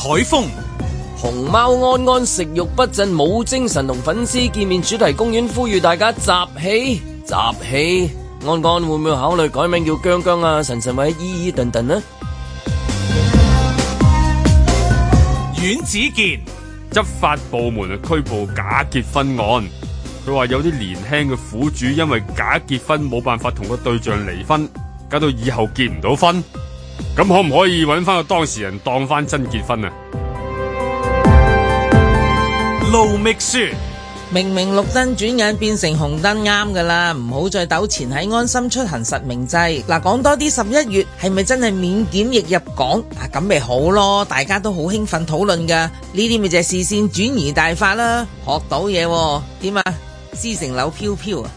海風，熊貓安安食欲不振冇精神同粉絲見面，主題公園呼籲大家集氣集氣。安安會唔會考慮改名叫姜姜啊？陳陳偉伊伊頓頓啊？阮子健，執法部門啊拘捕假結婚案。佢話有啲年輕嘅苦主因為假結婚冇辦法同個對象離婚，搞到以後結唔到婚。咁可唔可以搵翻個當事人當翻真結婚啊？盧覓雪。明明綠燈，轉眼變成紅燈，啱噶啦，唔好再糾纏喺安心出行實名制。嗱，講多啲十一月係咪真係免檢疫入港啊？咁咪好咯，大家都好興奮討論噶。呢啲咪就係視線轉移大法啦，學到嘢點啊？絲繩柳飄飄啊！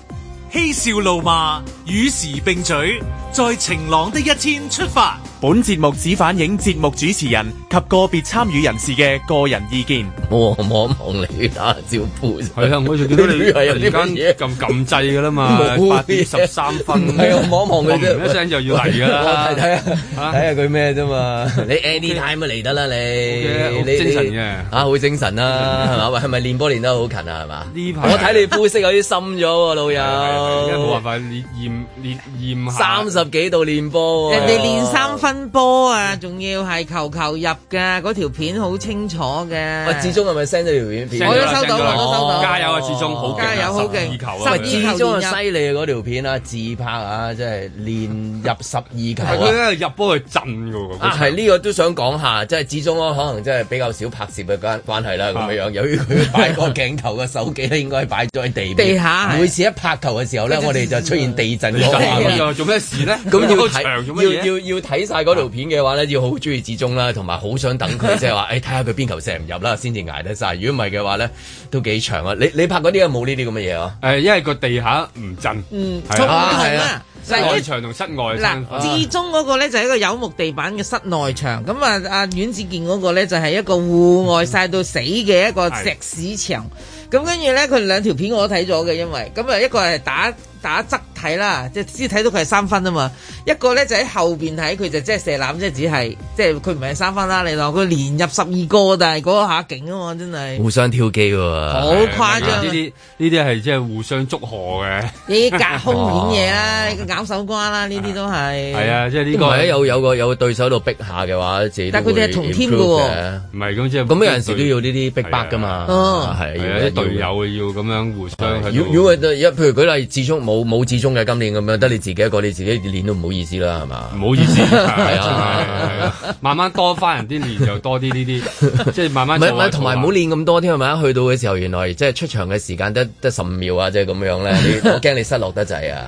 嬉笑怒罵與時並舉，在晴朗的一天出發。本節目只反映節目主持人及個別參與人士嘅個人意見。我望一望你打招呼，係啊，好似啲你係有啲乜嘢撳撳掣噶啦嘛？八點十三分，係望一望佢啫，一聲就要嚟噶啦，睇下佢咩啫嘛？你 anytime 都嚟得啦，你你你啊，好精神啊，係嘛？係咪練波練得好勤啊？係嘛？呢排我睇你膚色有啲深咗喎，老友，因為冇辦法練下練下，三十幾度練波，人哋練三分。跟波啊，仲要係球球入噶，嗰條片好清楚嘅。我始忠係咪 send 咗條片？我都收到，我都收到。加油啊，始忠，好加油，好勁，十二球啊！始忠啊，犀利啊，嗰條片啊，自拍啊，即係連入十二球。佢咧入波係震噶喎。係呢個都想講下，即係始忠可能即係比較少拍攝嘅關關係啦，咁樣樣。由於佢擺個鏡頭嘅手機咧，應該係擺喺地地下。每次一拍球嘅時候咧，我哋就出現地震嘅畫面。做咩事咧？咁要睇，要要要睇晒。嗰套片嘅話咧，要好中意志中啦，同埋好想等佢，即係話，誒、哎，睇下佢邊球射唔入啦，先至捱得晒。如果唔係嘅話咧，都幾長啊！你你拍嗰啲有冇呢啲咁嘅嘢啊？誒，因為個地下唔震，嗯，係啊，啊啊啊室內牆同室外嗱，志中嗰個咧就是、一個有木地板嘅室內牆，咁啊，阿阮志健嗰個咧就係、是、一個戶外晒到死嘅一個石屎牆，咁跟住咧佢兩條片我都睇咗嘅，因為咁啊，一個係打打側。打側睇啦，即係先睇到佢係三分啊嘛。一個咧就喺後邊睇佢就即係射籃，即係只係即係佢唔係三分啦。你話佢連入十二個，但係嗰下勁啊嘛，真係互相跳機㗎喎，好誇張。呢啲呢啲係即係互相祝賀嘅，呢啲隔空演嘢啦，拗手瓜啦，呢啲都係。係啊，即係呢個喺有有個有個對手度逼下嘅話，但佢哋係同添㗎喎，唔係咁即係咁有陣時都要呢啲逼包㗎嘛。啊，係係啊，啲隊友要咁樣互相。如果一譬如舉例，自足冇冇自足。今年咁樣得你自己一個，你自己練都唔好意思啦，係嘛？唔好意思，係啊，慢慢多翻人啲練就多啲呢啲，即係慢慢。唔係唔係，同埋唔好練咁多添，係咪？去到嘅時候原來即係出場嘅時間得得十五秒啊，即係咁樣咧。我驚你失落得滯啊！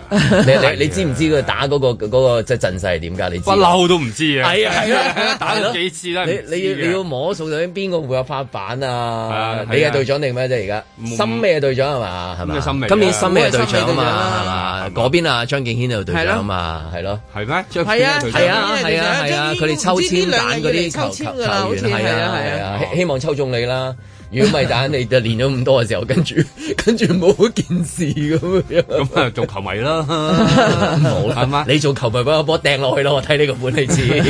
你你知唔知佢打嗰個即係陣勢係點㗎？你不嬲都唔知啊！係啊係啊，打咗幾次啦？你你要你要摸數下邊個會有發板啊？你嘅隊長定咩啫？而家森咩隊長係嘛，係咪？今年森咩隊長啊？嗰邊啊，張敬軒呢個隊長啊嘛，係咯，係咩？張敬軒啊，係啊係啊，佢哋抽籤揀嗰啲球球員，係啊係啊，希望抽中你啦。如果咪但你就練咗咁多嘅時候，跟住跟住冇件事咁樣，咁啊做球迷啦，冇啦，你做球迷俾個波掟落去咯，睇你個本嚟先。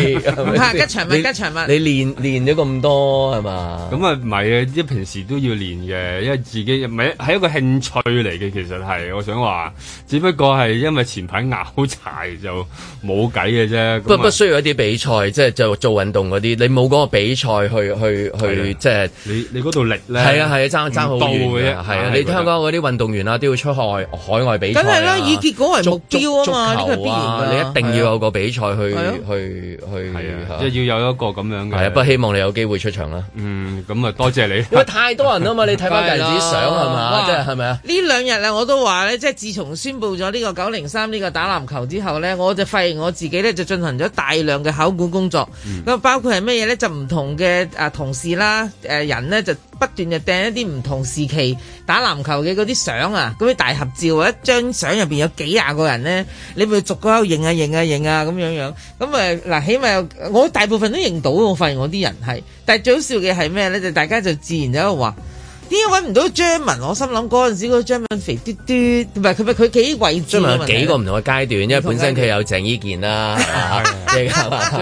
係吉祥物，吉祥物。你練練咗咁多係嘛？咁啊唔係啊，即係平時都要練嘅，因為自己唔係一個興趣嚟嘅。其實係我想話，只不過係因為前排拗柴就冇計嘅啫。不不需要一啲比賽，即係就做運動嗰啲，你冇嗰個比賽去去去，即係你你嗰度。係啊係啊，爭爭好遠嘅，係啊！你香港嗰啲運動員啊，都要出海海外比賽。梗係啦，以結果為目標啊嘛，呢個必然，你一定要有個比賽去去去，係啊，即係要有一個咁樣嘅。不希望你有機會出場啦。嗯，咁啊多謝你。因為太多人啊嘛，你睇翻戒指相係嘛，即係係咪啊？呢兩日咧，我都話咧，即係自從宣佈咗呢個九零三呢個打籃球之後咧，我就發現我自己咧就進行咗大量嘅考古工作。咁包括係咩嘢咧？就唔同嘅誒同事啦，誒人咧就。不斷就掟一啲唔同時期打籃球嘅嗰啲相啊，嗰啲大合照，一張相入邊有幾廿個人咧，你咪逐個喺度認啊，認 啊樂，認啊咁樣樣咁啊。嗱，起碼我大部分都認到，我發現我啲人係，但係最好笑嘅係咩咧？就大家就自然就喺度話。點解揾唔到張文？我心諗嗰陣時嗰張文肥嘟嘟，唔係佢咪佢幾為張文幾個唔同嘅階段，因為本身佢有鄭伊健啦，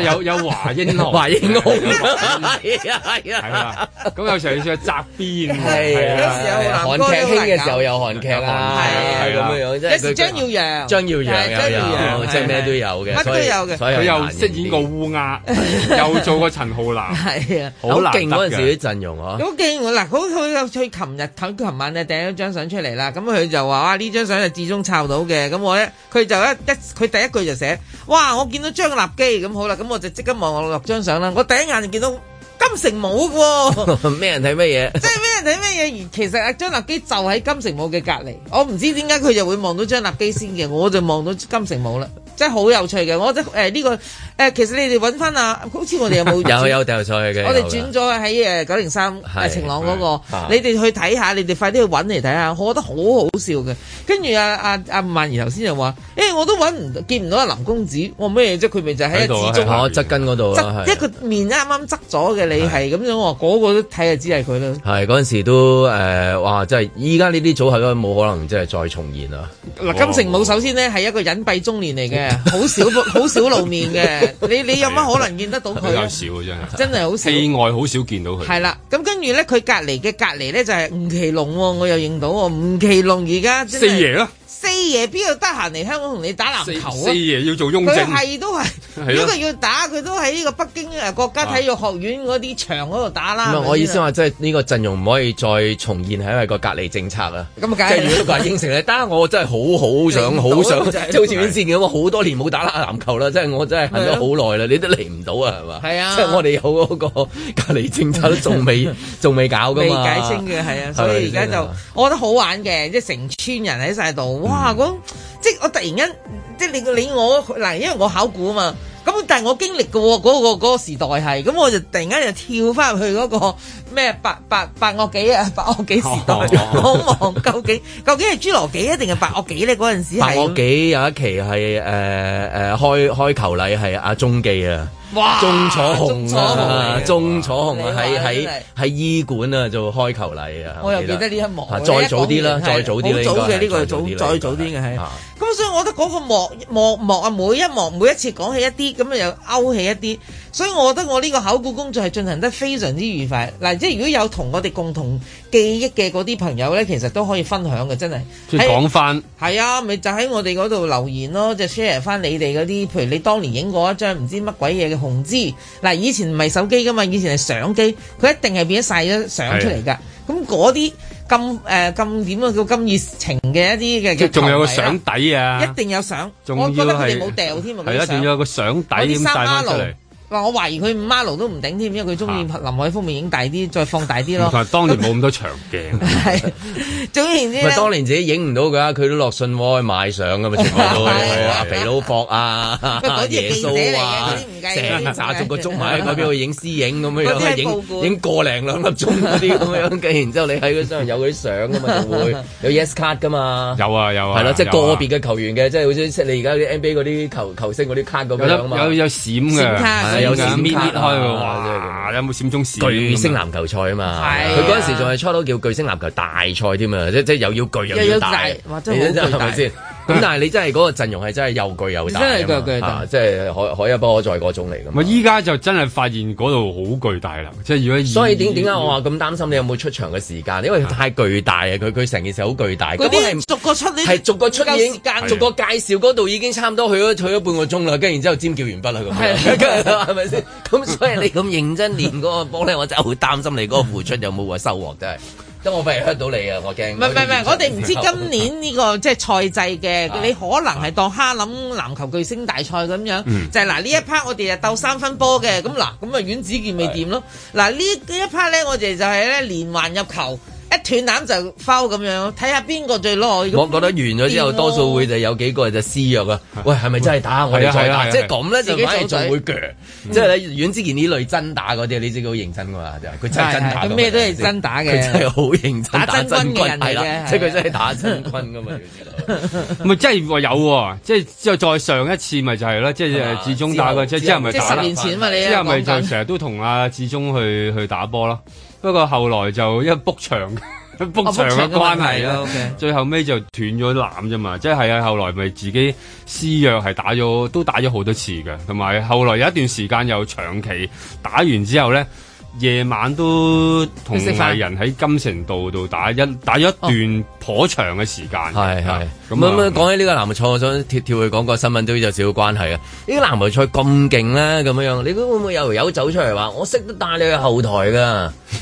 有有華英雄、華英雄，係啊係啊，咁有時候要著側邊，係啊，韓劇興嘅時候有韓劇啊，係啊，有時張耀揚，張耀揚，張耀揚，即係咩都有嘅，乜都有嘅，佢又飾演個烏鴉，又做過陳浩南，係啊，好勁嗰陣時啲陣容啊，好勁！嗱，好套佢琴日睇，琴晚就第一張相出嚟啦。咁佢就話：，哇，張呢張相就至終抄到嘅。咁我咧，佢就一一佢第一句就寫：，哇！我見到張立基，咁好啦。咁我就即刻望落張相啦。我第一眼就見到金城武喎，哦。咩 人睇咩嘢？即係咩人睇咩嘢？而其實阿、啊、張立基就喺金城武嘅隔籬。我唔知點解佢就會望到張立基先嘅， 我就望到金城武啦。真係好有趣嘅，我覺得誒呢、欸這個誒、欸、其實你哋揾返啊，好似我哋有冇有 有掉菜嘅？出去我哋轉咗喺誒九零三晴朗嗰個，是你哋去睇下，是你哋快啲去揾嚟睇下，我覺得好好笑嘅。跟住阿阿阿曼兒頭先就話：，誒、欸、我都揾唔見唔到阿林公子，我咩嘢？即係佢咪就喺一枝竹哦，啊、剛剛側根嗰度，一佢面啱啱側咗嘅，你係咁的的樣喎，嗰、那個都睇就只係佢啦。係嗰陣時都誒、呃，哇！真係依家呢啲組合都冇可能，即係再重現啦。嗱，金城武首先呢，係一個隱蔽中年嚟嘅。好少好少露面嘅，你你有乜可能見得到佢？比較少啊，真係真係好少。戲外好少見到佢。係啦，咁跟住咧，佢隔籬嘅隔籬咧就係吳奇隆，我又認到吳奇隆而家真係四爺啦。啲嘢邊度得閒嚟香港同你打籃球啊？四爺要做雍正，佢係都係呢個要打佢都喺呢個北京啊國家體育學院嗰啲場嗰度打啦。唔係我意思話，即係呢個陣容唔可以再重現，喺因為個隔離政策啊。咁梗係。即係如果佢應承你，得我真係好好想、好想即係好似以前咁，我好多年冇打籃球啦，即係我真係恨咗好耐啦，你都嚟唔到啊，係嘛？係啊。即係我哋有嗰個隔離政策都仲未仲未搞㗎嘛。未解清嘅係啊，所以而家就我覺得好玩嘅，即係成村人喺曬度，哇！即係我突然間即係你你我嗱，因為我考古啊嘛，咁但係我經歷過嗰個嗰個時代係，咁我就突然間就跳翻入去嗰個。咩白白白堊紀啊？白堊紀時代？好忙，究竟究竟係侏羅紀啊？定係白堊紀咧？嗰陣時係白堊紀有一期係誒誒開開球禮係阿鍾記啊，鍾楚紅啊，鍾楚紅啊，喺喺喺醫館啊做開球禮啊！我又記得呢一幕，再早啲啦，再早啲早嘅呢個早，再早啲嘅係。咁所以我覺得嗰個幕幕幕啊，每一幕每一次講起一啲，咁又勾起一啲。所以，我覺得我呢個考古工作係進行得非常之愉快。嗱，即係如果有同我哋共同記憶嘅嗰啲朋友咧，其實都可以分享嘅，真係。即係講翻。係啊，咪就喺我哋嗰度留言咯，就 share 翻你哋嗰啲，譬如你當年影過一張唔知乜鬼嘢嘅紅紙。嗱，以前唔係手機噶嘛，以前係相機，佢一定係變咗晒咗相出嚟㗎。咁嗰啲咁誒咁點樣叫咁熱情嘅一啲嘅仲有個相底啊！一定有相。要我覺得佢哋冇掉添啊！要要一定仲有個相底咁些曬出嚟。出我懷疑佢五馬路都唔頂添，因為佢中意林海峰。面影大啲，再放大啲咯。但當年冇咁多長鏡。係，總言之咧，當年自己影唔到㗎，佢都落信愛買相㗎嘛全部都，阿肥佬博啊，耶穌啊，成扎捉個竹馬喺個邊度影私影咁樣，影影個零兩粒鐘啲咁樣，跟住然之後你喺商場有嗰啲相㗎嘛，就會有 yes 卡噶嘛。有啊有啊。係啦，即係個別嘅球員嘅，即係好似你而家啲 NBA 嗰啲球球星嗰啲卡咁樣有有閃嘅。有閃搣搣開嘅，哇！真是有冇閃中屎？巨星籃球賽啊嘛，佢嗰的時仲係初佬叫巨星籃球大賽添啊，的即即要要又要巨又要大，哇！真係好巨大，係咪先？咁但係你真係嗰個陣容係真係又巨又大，真係巨巨大，即係海海一波再嗰種嚟㗎嘛。依家就真係發現嗰度好巨大啦，即係如果所以點點解我話咁擔心你有冇出場嘅時間？因為太巨大啊，佢佢成件事好巨大。嗰啲係逐個出，係逐個出現，逐個介紹嗰度已經差唔多去咗去咗半個鐘啦。跟住然之後尖叫完畢啦，咁樣，係咪先？咁所以你咁認真練嗰個波咧，我真係好擔心你嗰個付出有冇話收穫，真係。咁我俾人 hurt 到你啊！我驚。唔係唔係，後我哋唔知今年呢、呢個 即係賽制嘅， 你可能係當哈林籃，籃球巨星大賽咁樣， 就係嗱呢一 part 我哋係鬥三分波嘅，咁嗱咁啊阮子健未掂咯，嗱 呢呢一 part 咧我哋就係咧連環入球。一斷攬就 foul 咁樣，睇下邊個最 low。我覺得完咗之後，多數會就有幾個就私約啊。喂，係咪真係打我哋再打？即係咁咧，就反而再會鋸。即係你遠之前呢類真打嗰啲，你知佢好認真㗎嘛？佢真係真打佢咩都係真打嘅。佢真係好認真打真軍嘅人嘅，即係佢真係打真軍㗎嘛？唔係真係話有，即係即係再上一次，咪就係咯。即係志中打過，即係之後咪打啦。即係十年前嘛，你之後咪就成日都同阿志中去去打波咯。不過後來就一卜場， 一卜場嘅關係咯。啊 okay. 最後尾就斷咗纜啫嘛，即係啊。後來咪自己私約係打咗，都打咗好多次嘅。同埋後來有一段時間又長期打完之後咧，夜晚都同藝人喺金城道度打一打咗一段頗長嘅時間，係係。的咁啊咁，講起呢個籃球賽我想跳跳去講個新聞都有少少關係啊！呢個籃球賽咁勁咧，咁樣樣你會唔會有有走出嚟話我識得帶你去後台㗎？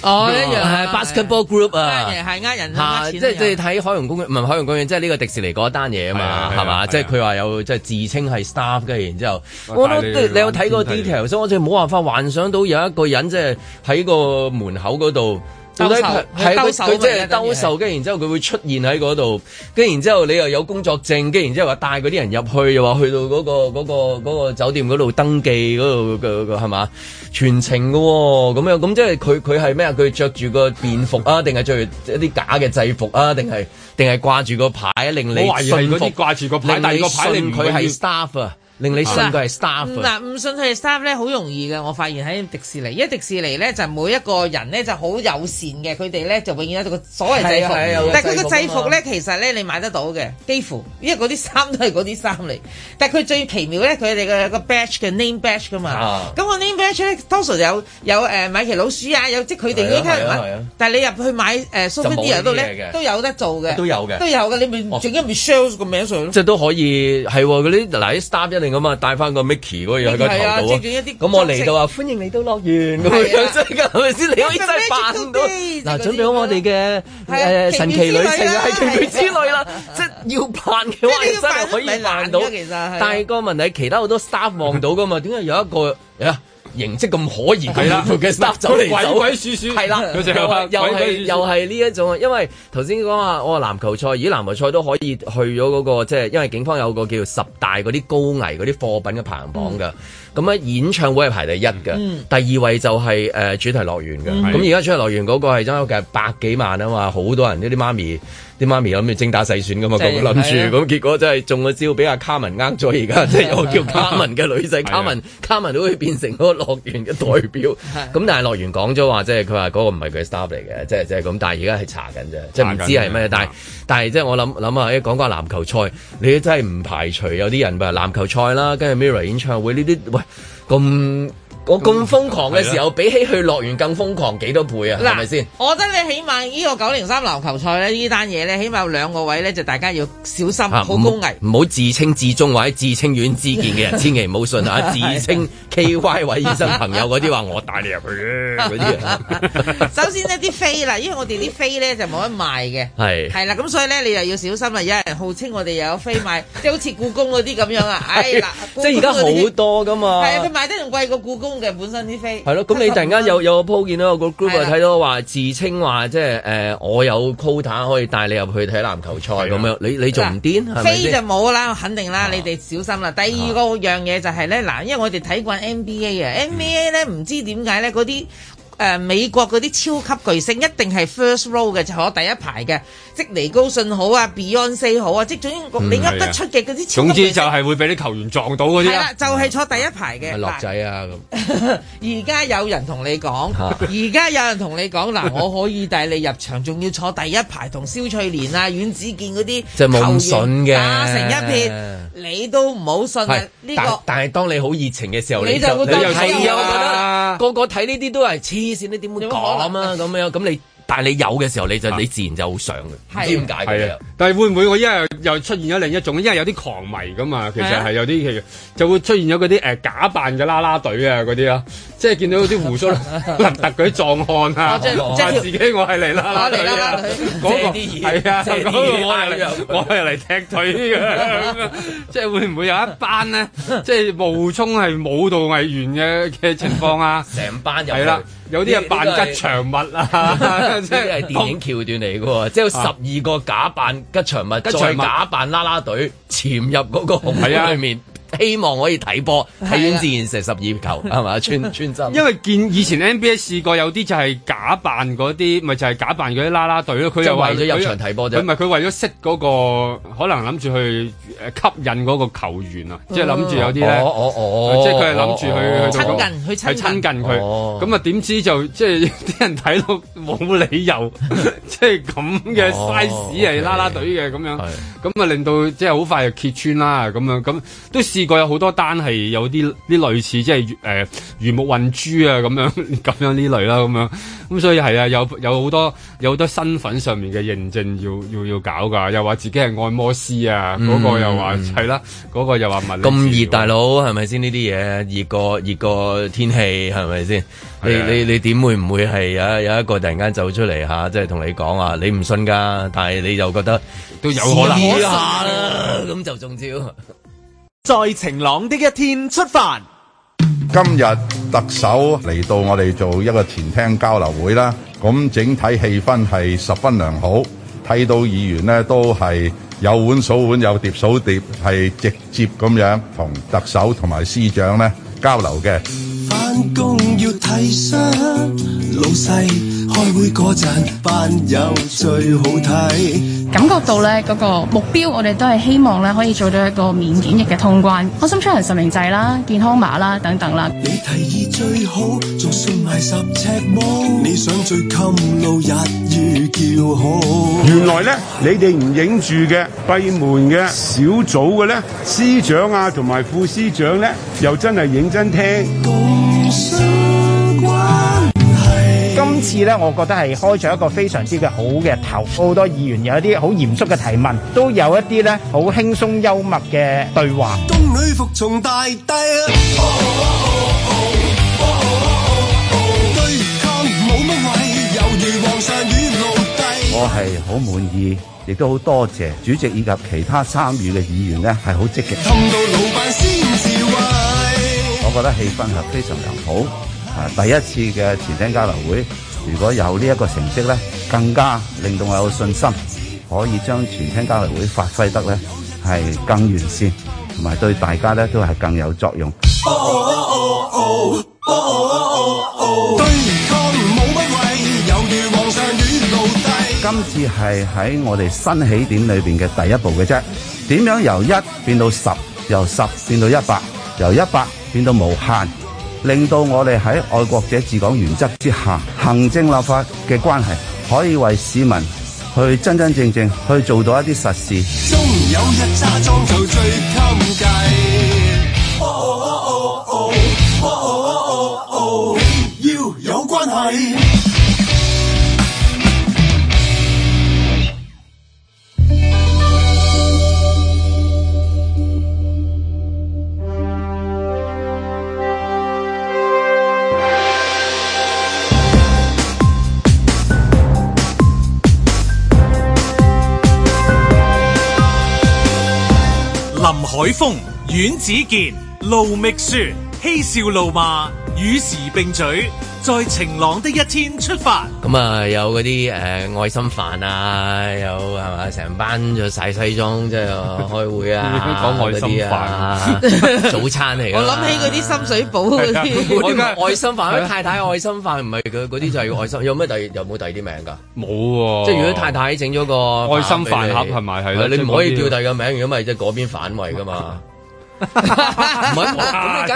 哦，一樣係 basketball group 啊，係呃人，即係即係睇海洋公園，唔係海洋公園，即係呢個迪士尼嗰一單嘢啊嘛，係嘛？即係佢話有即係自稱係 staff 嘅，然之後，我我你有睇過 detail，所以我就冇辦法幻想到有一個人即係喺個門口嗰度。到底係兜售，即係兜售，跟 時然之後佢會出現喺嗰度，跟然之後你又有工作證，跟然之後話帶嗰啲人入去，又話去到嗰、嗰個嗰、嗰個嗰個、酒店嗰度登記嗰度嘅係嘛？全程嘅喎、哦，咁樣咁即係佢佢係咩啊？佢着住個便服啊，定係着住一啲假嘅制服啊，定係定係掛住個牌啊，令你信嗰啲掛住個牌，令你信佢係 staff 啊？令你信佢係 staff，唔嗱唔信係 staff 咧，好容易嘅。我發現喺迪士尼，因為迪士尼咧就每一個人咧就好友善嘅，佢哋咧就永遠有個所謂制服，但係佢個制服咧其實咧你買得到嘅，幾乎，因為嗰啲衫都係嗰啲衫嚟。但係佢最奇妙咧，佢哋嘅個 badge 嘅 name badge 噶嘛，咁個 name badge 咧通常有有誒米奇老鼠啊，有即佢哋嗰啲，但係你入去買誒 Sofia d 都有得做嘅，都有嘅，都有嘅，你咪整啲咪 Shells 個名上即係都可以係喎，嗰啲嗱啲 staff 一嚟。咁啊，帶翻個 Mickey 嗰樣喺個頭度，咁我嚟到啊，歡迎你到樂園咁樣真噶，係咪先？你可以真係扮到嗱，準備好我哋嘅誒神奇旅程係奇遇之旅啦，即係要扮嘅話真係可以扮到。其實係，但係個問題，其他好多 staff 望到噶嘛？點解有一個呀？形跡咁可疑啦，的走嚟鬼鬼祟祟，係啦的，佢就又係是又係呢一種，因為頭先講話，我話籃球賽，如果籃球賽都可以去咗嗰、那個，即、就、係、是、因為警方有個叫做十大嗰啲高危嗰啲貨品嘅排行榜嘅，咁咧、嗯、演唱會係排第一嘅，嗯、第二位就係、是、誒、呃、主題樂園嘅，咁而家主題樂園嗰個係真係百幾萬啊嘛，好多人呢啲媽咪。啲媽咪諗住精打細算㗎嘛，咁諗住咁結果真係中個招，俾阿卡文呃咗。而家即係有個叫卡文嘅女仔，卡文卡文都會變成個樂園嘅代表。咁但係樂園講咗話，即係佢話嗰個唔係佢 staff 嚟嘅，即係即係咁。但係而家係查緊啫，即係唔知係咩。但係但係即係我諗諗下，一講個籃球賽，你真係唔排除有啲人話籃球賽啦，跟住 mirror 演唱會呢啲，喂咁。我咁瘋狂嘅時候，比起去樂園更瘋狂幾多倍啊？係咪先？我覺得你起碼呢個九零三籃球賽咧，呢單嘢咧，起碼兩個位咧，就大家要小心，好高危，唔好自稱自中或者自稱院之見嘅人，千祈唔好信啊！自稱 KY 位醫生朋友嗰啲話我帶你入去嘅嗰啲。首先呢啲飛啦，因為我哋啲飛咧就冇得賣嘅，係係啦，咁所以咧你又要小心啊！有人號稱我哋又有飛賣，即係好似故宮嗰啲咁樣啊！哎，嗱，即係而家好多噶嘛，係啊，佢賣得仲貴過故宮。本身啲飛係咯，咁 你突然間有有個鋪見到有個,到個 group 啊的，睇到話自稱話即係誒，我有 quota 可以帶你入去睇籃球賽咁的樣，你你做唔癲？飛就冇啦，肯定啦，的你哋小心啦。第二個樣嘢就係、是、咧，嗱，因為我哋睇慣 NBA 啊，NBA 咧唔知點解咧嗰啲。誒美國嗰啲超級巨星一定係 first row 嘅，就坐第一排嘅，即尼高信好啊，Beyonce 好啊，即總之你噏得出嘅嗰啲。總之就係會俾啲球員撞到嗰啲，就係坐第一排嘅。樂仔啊咁。而家有人同你講，而家有人同你講，嗱，我可以帶你入場，仲要坐第一排，同蕭翠蓮啊、阮子健嗰啲球員打成一片，你都唔好信嘅呢個。但但係當你好熱情嘅時候，你就你又睇啊，個個睇呢啲都係啲線你點會講啊？咁樣咁你，但係你有嘅時候你就、啊、你自然就好想。嘅的，係點解嘅？係啊的，但係會唔會我因為又出現咗另一種，因為有啲狂迷㗎嘛。其實係有啲其實就會出現咗嗰啲誒假扮嘅啦啦隊啊嗰啲啊。即係見到啲胡鬚啦，突舉壯漢啊！我即係自己，我係嚟啦啦隊啊！講啲嘢，係啊！我係嚟踢腿嘅，即係會唔會有一班咧？即係冒充係舞蹈藝員嘅嘅情況啊！成班人，係啦，有啲係扮吉祥物啊！即係電影橋段嚟嘅喎，即係有十二個假扮吉祥物，再假扮啦啦隊潛入嗰個紅米裏面。希望可以睇波，睇完自然成十二球係嘛？穿穿針。因為見以前 NBA 試過有啲就係假扮嗰啲，咪就係假扮嗰啲啦啦隊咯。佢就為咗入場睇波啫。佢唔係佢為咗識嗰個，可能諗住去誒吸引嗰個球員啊，即係諗住有啲咧。哦哦哦！即係佢係諗住去去親近，去親近。佢。咁啊？點知就即係啲人睇到冇理由，即係咁嘅 size 係啦啦隊嘅咁樣。係。咁啊，令到即係好快就揭穿啦。咁樣咁都試過有好多單係有啲啲類似，即係誒、呃，魚目混珠啊，咁樣咁樣呢類啦、啊，咁樣咁、嗯，所以係啊，有有好多有好多身份上面嘅認證要要要搞噶，又話自己係按摩師啊，嗰、嗯、個又話係啦，嗰、嗯啊那個又話物理治療啊咁熱，大佬係咪先呢啲嘢？熱過熱過天氣係咪先？你、啊、你你點會唔會係有有一個突然間走出嚟，吓，即係同你講啊？就是、你唔信噶，但係你又覺得都有可能下啦，咁就中招。 在晴朗的一天出發。今日特首嚟到我哋做一個前廳交流會啦，咁整體氣氛係十分良好，睇到議員呢都係有碗數碗，有碟數碟，係直接咁樣同特首同埋司長呢交流嘅。返工要睇相老細開會嗰陣，班友最好睇。感覺到咧嗰個目標，我哋都係希望咧可以做到一個免檢疫嘅通關，安心出行實名制啦、健康碼啦等等啦。你提議最好就算埋十尺步，你想最近路日預叫好。原來咧，你哋唔影住嘅閉門嘅小組嘅咧，司長啊同埋副司長咧，又真係認真聽。今次咧，我覺得係開咗一個非常之嘅好嘅頭，好多議員有一啲好嚴肅嘅提問，都有一啲咧好輕鬆幽默嘅對話。宮女服從大帝，猶如皇上，我係好滿意，亦都好多謝主席以及其他參與嘅議員呢係好積極。到我覺得氣氛係非常良好。第一次嘅前廳交流會，如果有呢一個成績咧，更加令到我有信心，可以將前廳交流會發揮得咧係更完善，同埋對大家咧都係更有作用。今次係喺我哋新起點裏邊嘅第一步嘅啫，點樣由一變到十，由十變到一百，由一百變到無限？令到我哋喺愛國者治港原則之下，行政立法嘅關係可以為市民去真真正正去做到一啲實事。終有一最林海峰、阮子健、盧覓雪，嬉笑怒罵，與時並舉。在晴朗的一天出發，咁、呃、啊，有嗰啲誒愛心飯啊，有係嘛，成班就曬西裝即係開會啊，講 愛心飯、啊、早餐嚟、啊啊啊。我諗起嗰啲深水埗嗰啲愛心飯、啊，啊啊、太太愛心飯唔係佢嗰啲就係愛心。有咩第有冇第二啲名㗎？冇喎、啊，即係如果太太整咗個愛心飯盒係咪係你唔可以叫第二個名，如果唔係即係嗰邊反胃㗎嘛。唔係，咁你梗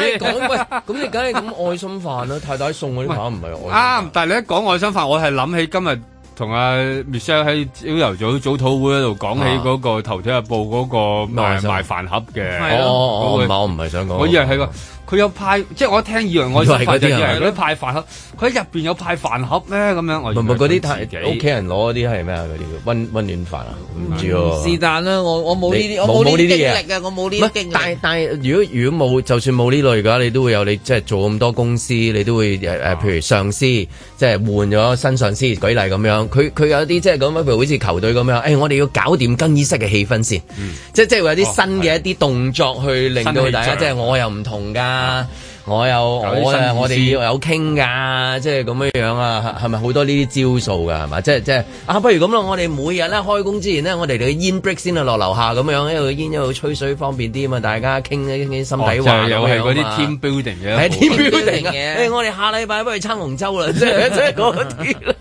係講喂，咁你梗係咁愛心飯啦，太太送我啲飯唔係愛心。啱，但係你一講愛心飯，我係諗起今日同阿 Michelle 喺朝頭早早討會度講起嗰個頭條日報嗰個賣賣飯盒嘅。哦，我唔係想講。我以為係個。 佢有派，即係我一聽以為我派就佢派飯盒。佢喺入邊有派飯盒咩咁樣？唔唔，嗰啲屋企人攞嗰啲係咩嗰啲溫溫暖飯啊？唔知喎。是但啦，我不我冇呢啲，你我冇呢啲嘢我冇呢啲經歷。經歷但係但係，如果如果冇，就算冇呢類嘅話，你都會有你即係做咁多公司，你都會誒誒、呃，譬如上司即係換咗新上司，舉例咁樣。佢佢有啲即係咁譬如好似球隊咁樣。誒、欸，我哋要搞掂更衣室嘅氣氛先、嗯，即即係有啲新嘅一啲動作去令到大家，即係我又唔同㗎。啊！我有，有我哋有傾噶，即係咁樣樣啊，係咪好多呢啲招數噶，係嘛？即係即係啊！不如咁咯，我哋每日咧開工之前咧，我哋嚟煙 break 先落樓下咁樣，一度煙一度吹水方便啲啊嘛，大家傾一傾心底話又係嗰啲 team building 嘅，team building 嘅，啊。我哋下禮拜不如撐龍舟啦，即係嗰啲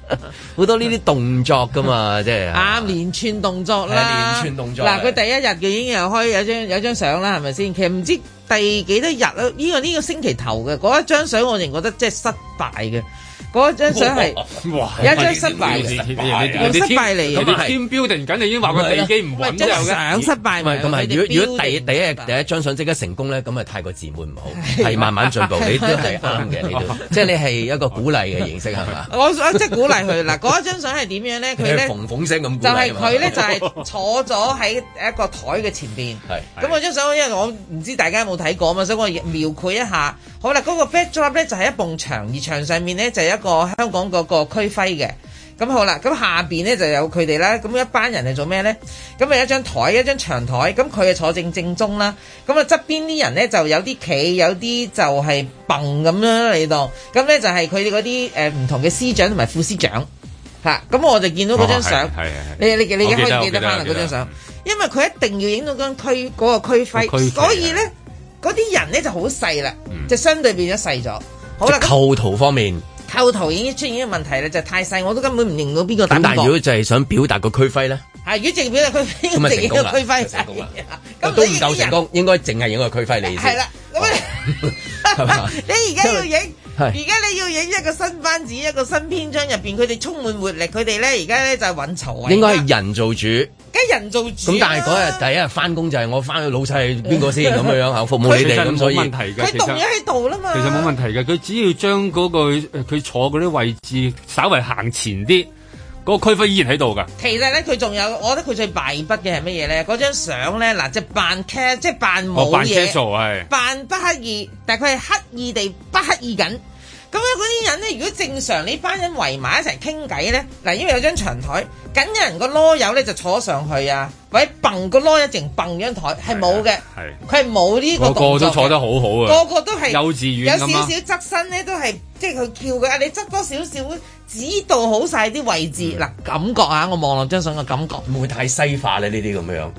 好多呢啲動作噶嘛，即係啊， 啊，連串動作啦，啊、連串動作。嗱、啊，佢第一日嘅已經又開有張有張相啦，係咪先？其實唔知。第幾多日啦？呢、這個呢、這個星期頭嘅嗰一張相，我仍覺得即係失敗嘅。嗰張相係有一張失敗，用失敗嚟嘅。咁係。咁係。標定緊，你已經話佢地基唔穩。咁有失唔係咁係。如果如果第第一第一張相即刻成功咧，咁啊太過自滿唔好，係慢慢進步。你都係啱嘅，你都即係你係一個鼓勵嘅形式係嘛？我即鼓勵佢嗱，嗰一張相係點樣咧？佢咧縫聲咁。就係佢咧，就係坐咗喺一個台嘅前邊。咁我張相，因為我唔知大家有冇睇過啊嘛，所以我描繪一下。好啦，嗰個 backdrop 咧就係一埲牆，而牆上面咧就有一，個香港個個區徽嘅，咁好啦，咁下邊咧就有佢哋啦，咁一班人係做咩咧？咁啊一張台，一張長台，咁佢啊坐正正中啦，咁啊側邊啲人咧就有啲企，有啲就係蹦咁樣嚟到，咁咧就係佢哋嗰啲誒唔同嘅司長同埋副司長，吓，咁我就見到嗰張相，係你你你而家可以記得翻啦嗰張相，因為佢一定要影到張區嗰個區徽，所以咧嗰啲人咧就好細啦，就相對變咗細咗，好啦，構圖方面。後頭已經出現啲問題啦，就係，太細，我都根本唔認到邊個打誰。但係如果就係想表達個區徽咧，係，如果淨係表達區徽，淨係個區徽，咁唔夠成功，人應該淨係影個區徽嚟。係啦，咁你而家要影，而家 你要影一個新班子，一個新篇章入邊，佢哋充滿活力，佢哋咧而家咧就係搵籌。應該係人做主。梗係人做主啊。咁但係嗰日第一日翻工就係我翻去老細邊個先咁嘅、欸、樣，服務你哋咁，他所以佢動咗喺度啦嘛。其實冇問題嘅，佢只要將嗰、那個佢、呃、坐嗰啲位置稍微行前啲，嗰、那個、區分依然喺度㗎。其實咧，佢仲有，我覺得佢最敗筆嘅係乜嘢咧？嗰張相咧，嗱，即係扮 c a 即係扮冇嘢。扮、哦、不刻意，但係佢係刻意地不刻意緊。咁咧，嗰啲人咧，如果正常你班人圍埋一齊傾偈咧，嗱，因為有張長台，咁有人個囉友咧就坐上去啊，或者蹦個囉友直蹦張台，係冇嘅，係佢係冇呢個動，個個都坐得好好啊，個個都係幼稚園，有少少側身咧，都係即係佢叫佢，你側多少少，指導好晒啲位置。嗱，感覺啊，我望落張相嘅感覺，唔會太西化咧？呢啲咁樣？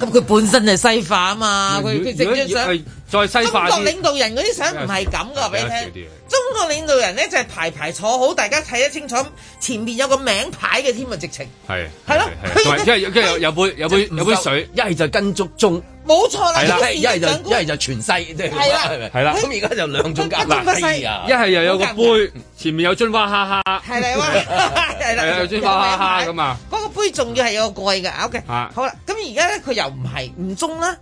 咁佢本身就西化啊嘛，佢佢直接想再西化。中國領導人嗰啲相唔係咁噶，俾你聽。中國領導人咧就係排排坐好，大家睇得清楚，前面有個名牌嘅添啊，直情係係咯。唔係，跟有杯有杯有杯水，一係就跟足中。冇錯啦，一係就一係就全世，係啦係咪？係啦，咁而家就兩種加法，嗱，一係又有個杯，前面有樽花，哈哈，係啦，係啦，有樽花，哈哈咁啊，嗰個杯仲要係有個蓋噶，OK，好啦，咁而家咧佢又唔係唔中啦。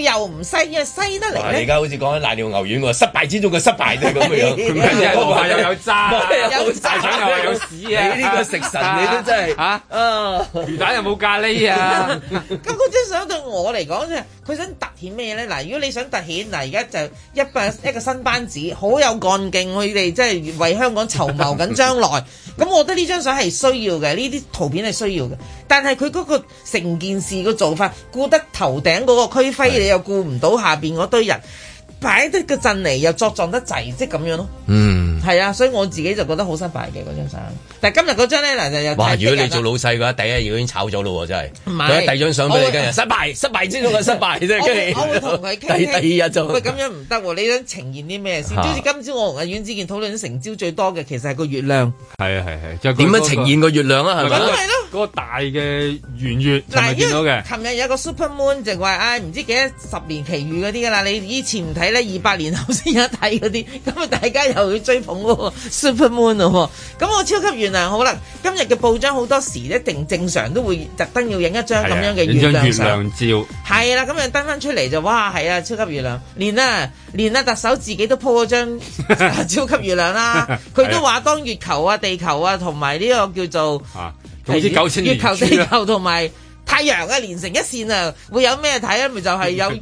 又唔犀，因為犀得嚟咧。而家好似講緊瀨尿牛丸失敗之中嘅失敗 都係咁嘅樣，又下又有渣，啊，有，有渣又有屎啊！有啊 你呢個食神，你都真係吓。啊啊、魚蛋又冇咖喱啊！咁嗰張相對我嚟講啫，佢想顯咩咧？嗱，如果你想突顯，嗱而家就一班 一個新班子，好有幹勁，佢哋即係為香港籌謀緊將來。咁 我覺得呢張相係需要嘅，呢啲圖片係需要嘅。但係佢嗰個成件事個做法，顧得頭頂嗰個區徽， 你又顧唔到下邊嗰堆人。擺得個陣嚟又作狀得滯，即係咁樣咯。嗯，係啊，所以我自己就覺得好失敗嘅嗰張相。但係今日嗰張咧嗱哇！如果你做老細嘅話，第一日已經炒咗咯喎，真係。唔係。第二張相俾你今日失敗，失敗之中嘅失敗啫。我會同佢傾。第二日就。喂，咁樣唔得喎！你想呈現啲咩？先今朝我同阿袁子健討論成朝最多嘅，其實係個月亮。係啊係係，點樣呈現個月亮啊？係咪？梗係啦。個大嘅圓月係咪見到？琴日有個 Super Moon 就話唉，唔知幾多十年奇遇嗰啲噶啦，你以前唔睇。咧二百年後先有得睇嗰啲，咁啊大家又要追捧咯，Super Moon 咯，咁我超級月亮好啦，今日嘅報章好多時一定正常都會特登要影一張咁樣嘅月,、啊、月亮照，係啦、啊，咁樣登翻出嚟就哇係啊，超級月亮，連啊連啊特首自己都 po 咗張超級月亮啦、啊，佢 都話當月球啊、地球啊，同埋呢個叫做啊，啊月球、地球同埋。太陽啊，連成一線啊，會有咩睇啊？咪就係、是、有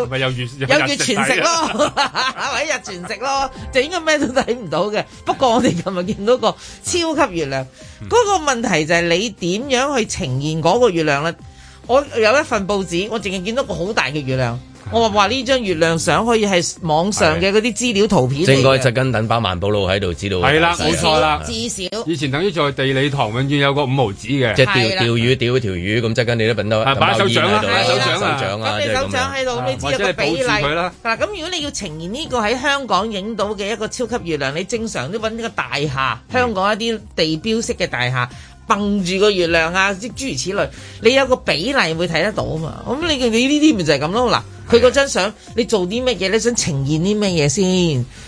有咪有月， 有月全食咯， 或者日全食咯， 就應該咩都睇唔到嘅。不過我哋琴日見到個超級月亮，嗰 個問題就係你點樣去呈現嗰個月亮咧？我有一份報紙，我淨係見到個好大嘅月亮。我話話呢張月亮相可以係網上嘅嗰啲資料圖片嚟嘅，應該執根等包萬寶路喺度，知道係啦，冇錯啦，至少以前等於在地理堂永遠有個五毫子嘅，即係釣釣魚釣條魚咁，執根你都搵到，係擺手掌啦，擺手掌手掌喺度，你知一個比例啦。嗱，咁如果你要呈現呢個喺香港影到嘅一個超級月亮，你正常都搵呢個大廈，香港一啲地標式嘅大廈。掟住個月亮啊！即諸如此類，你有個比例會睇得到啊嘛。咁你你呢啲咪就係咁咯。嗱，佢嗰張相，你做啲乜嘢？你想呈現啲乜嘢先？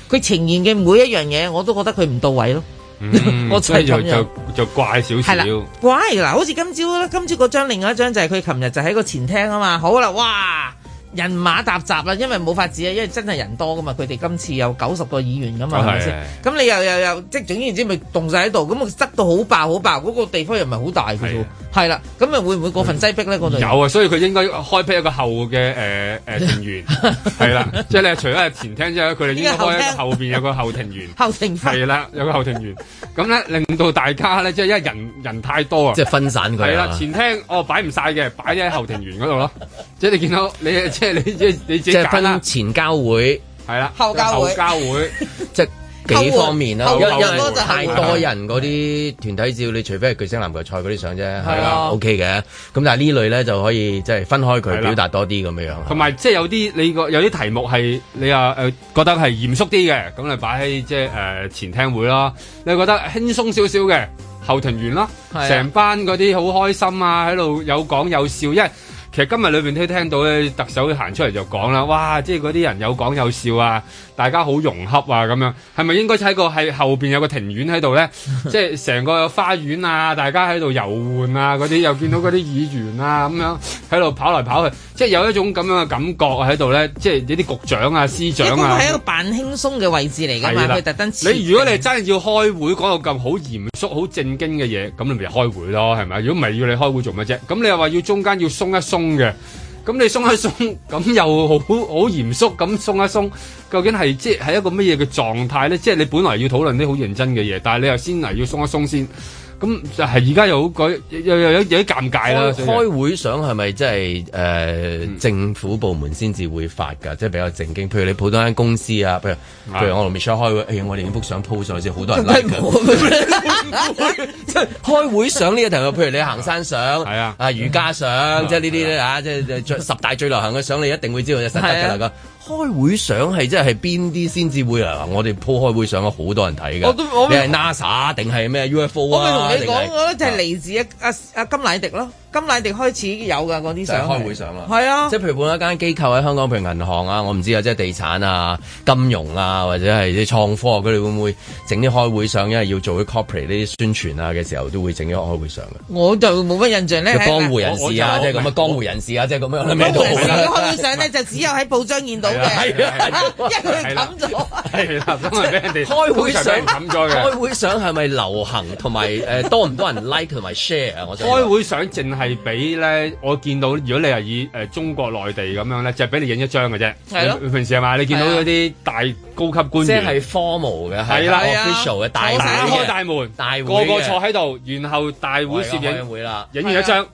佢呈現嘅每一樣嘢，我都覺得佢唔到位咯。嗯、 我就咁、嗯、就，就，就怪少少。係啦，怪啦。好似今朝咧，今朝嗰張另外一張就係佢琴日就喺個前廳啊嘛。好啦，哇！人馬沓雜啦，因為冇法子啊，因為真係人多噶嘛，佢哋今次有九十個議員噶嘛，係咪先？咁吧、嗯嗯、你又又又即係總言之動，咪棟晒喺度，咁我塞到好爆好爆，嗰、那個地方又唔係好大嘅係啦，咁咪的、嗯嗯、會唔會過分擠迫咧？嗰度有啊，所以佢應該開闢一個後嘅誒誒庭園，係、呃、啦，即係你除咗係前廳之外，佢哋應該開一個後邊有個後庭園，後庭係啦，有個後庭園，咁咧 令到大家咧，即係因為人人太多啊，即係分散佢係啦，前廳哦擺唔晒嘅，擺喺後庭園嗰度咯，即、就、係、是、你見到你。 即係你即係即係分前交會係啦， 後交會即係幾方面啦， 因為太多人嗰啲團體照， 你除非係巨星籃球賽嗰啲相啫，係啊，啊，OK 嘅。咁但係呢類咧就可以即係分開佢表達多啲咁樣樣，同埋即係有啲你個有啲題目係你啊誒覺得係嚴肅啲嘅，咁啊擺喺即係誒前廳會啦。你覺得輕鬆少少嘅後庭園咯，成、啊、班嗰啲好開心啊，喺度有講有笑，因為。其實今日裏邊都聽到咧，特首行出嚟就講啦，哇！即係嗰啲人有講有笑啊。大家好融洽啊，咁樣係咪應該睇個喺後邊有個庭院喺度咧？即係成個有花園啊，大家喺度遊玩啊，嗰啲又見到嗰啲議員啊咁樣喺度跑嚟跑去，即係有一種咁樣嘅感覺喺度咧。即係呢啲局長啊、司長啊，係一個扮輕鬆嘅位置嚟㗎嘛，佢特登。你如果你真係要開會講到咁好嚴肅、好正經嘅嘢，咁你咪開會咯，係咪？如果唔係要你開會做乜啫？咁你又話要中間要鬆一鬆嘅。咁你鬆一鬆，咁又好好嚴肅，咁鬆一鬆，究竟係即係一個乜嘢嘅狀態咧？即係你本來要討論啲好認真嘅嘢，但係你又先嚟要鬆一鬆先。咁就係而家又好改，有有有啲尷尬啦。開會相係咪即係誒政府部門先至會發㗎？即係比較正經。譬如你普通間公司啊，譬如譬如我同 Michelle 開會，哎、我哋呢幅相 po 上去之後，好多人 l、like、i 開會相呢一題，譬如你行山相，係啊，啊瑜伽相，即係呢啲咧啊，即係、啊啊啊、十大最流行嘅相，你一定會知道嘅，就實質嚟開會相係即係邊啲先至會，會 A，啊！我哋鋪開會相啊，好多人睇嘅。你係 NASA 定係咩？UFO 啊？我咪同你講，我覺得就係嚟自阿阿金乃迪咯。金乃迪開始有㗎嗰啲相，開會相啦，係啊，即係譬如換一間機構喺香港，譬如銀行啊，我唔知啊，即係地產啊、金融啊，或者係啲創科，啊。佢哋會唔會整啲開會相？因為要做啲 corporate 呢啲宣傳啊嘅時候，都會整啲開會相嘅。我就冇乜印象呢。江湖人士啊，即係咁嘅江湖人士啊，即係咁樣嘅咩圖。江湖人士嘅開會相咧，就只有喺報章見到嘅， 因為冚咗。係啦，俾開會相係咪流行同埋誒多唔多人 like 同埋 share 啊？我 開會係俾咧，我見到如果你係以誒、呃、中國內地咁樣咧，就係俾你影一張嘅啫。係是、啊、平時係嘛？你見到嗰啲大高級官員，即係 formal 嘅，係啦，official 嘅大，開大門，大個個坐喺度，然後大會攝影影完一張。是啊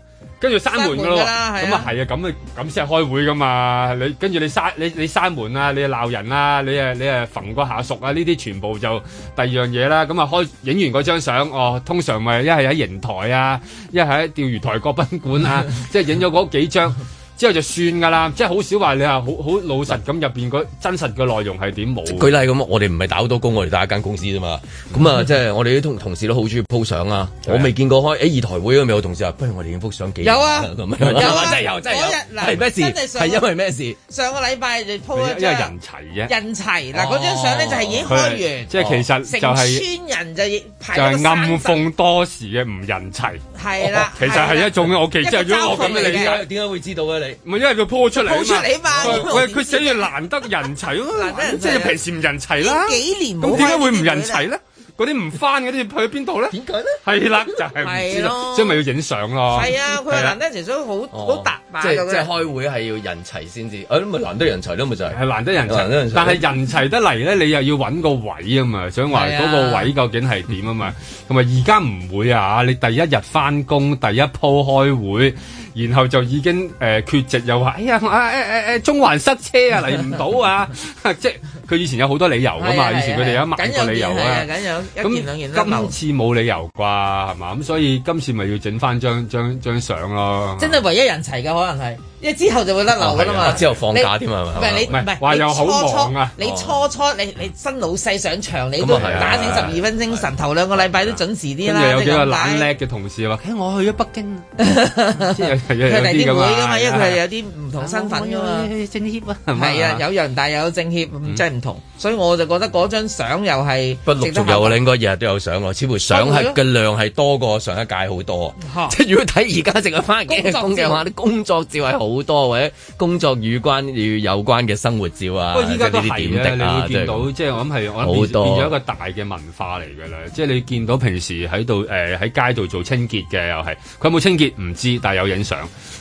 跟住閂門噶咯喎，咁啊係啊，咁啊咁先係開會噶嘛。你跟住你閂你你閂門啊，你鬧人啊，你誒你誒諷個下屬啊，呢啲全部就第二樣嘢啦。咁啊開影完嗰張相，哦，通常咪一係喺瀛台啊，一係喺釣魚台國賓館啊， 即係影咗嗰幾張。 之後就算噶啦，即係好少話你話好好老實咁入邊個真實嘅內容係點冇。舉例咁，我哋唔係打好多工，我哋打一間公司啫嘛。咁啊，即係我哋啲同同事都好中意鋪相啊。我未見過開，誒，二台會咪有同事話，不如我哋影幅相幾？有啊，有啊，真係有真係有。係咩事？係因為咩事？上個禮拜就鋪一張，因為人齊啫。人齊嗱，嗰張相咧就係已經開完，即係其實就係村人就排個暗鳳多時嘅唔人齊，係啦。其實係一種我其實如果我咁樣理解，點解會知道咪因為佢鋪出嚟嘛，佢寫住難得人齊咯，難得即係平時唔人齊啦。幾年咁點解會唔人齊咧？嗰啲唔翻，嗰啲去咗邊度咧？點解咧？係啦，就係唔知道，所以咪要影相咯。係啊，佢話難得人齊，好好特大嘅。即係開會係要人齊先至。誒，咁咪難得人齊咯，咪就係。係難得人齊，但係人齊得嚟咧，你又要揾個位啊嘛，想話嗰個位究竟係點啊嘛？同埋而家唔會啊，你第一日翻工，第一鋪開會。然後，就已經誒、呃、缺席，又話：哎呀，啊誒誒誒，中環塞車啊，嚟唔到啊， 即係。佢以前有好多理由噶嘛，以前佢哋有一萬個理由啊，咁今次冇理由啩，係嘛？咁所以今次咪要整翻張張張相咯。真係唯一人齊嘅可能係，因為之後就會甩漏噶啦嘛。之後放假添啊嘛。唔係你唔係話又好忙啊？你初初你你新老細上場，你都打醒十二分精神，頭兩個禮拜都準時啲啦。有幾個懶叻嘅同事話：嘿，我去咗北京，佢哋啲會噶嘛？因為佢哋有啲唔同身份噶嘛。政協啊，係啊，有人大有政協同，所以我就覺得嗰張相又係不陸續有啊，應該日日都有相喎。似乎相係嘅量係多過上一屆好多。即係如果睇而家剩係翻工嘅話，啲工作照係好多，或者工作與關與有關嘅生活照啊。不過而家都係嘅，你會見到，即係我諗係我諗變變咗一個大嘅文化嚟㗎啦。即係你見到平時喺度誒喺街度做清潔嘅又係，佢有冇清潔唔知，但係有影相。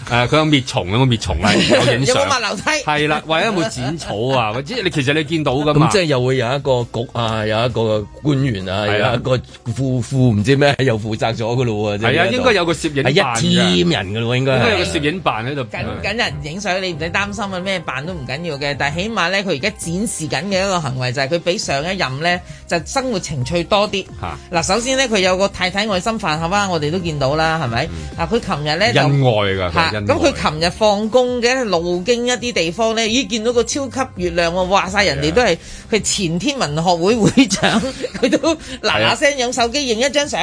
誒，佢有滅蟲有冇滅蟲啊？有影相。有冇抹樓梯？係啦，或者有冇剪草啊？或者你其實你見。咁、嗯、即係又會有一個局啊，有一個官員啊，啊，有一個副副唔知咩又負責咗噶咯喎？係啊，應該有個攝影辦啊，一 team 人噶咯喎，應該應該有個攝影辦喺度跟緊人影相，你唔使擔心啊咩辦都唔緊要嘅。但係起碼咧，佢而家展示緊嘅一個行為就係、是、佢比上一任咧就生活情趣多啲。嗱、啊，首先咧佢有個太太愛心飯盒啊，我哋都見到啦，係咪啊？佢琴日咧，恩愛噶吓，咁佢琴日放工嘅路經一啲地方咧，咦見到個超級月亮啊，哇晒人哋！都係佢前天文學會會長，佢都嗱嗱聲用手機影一張相，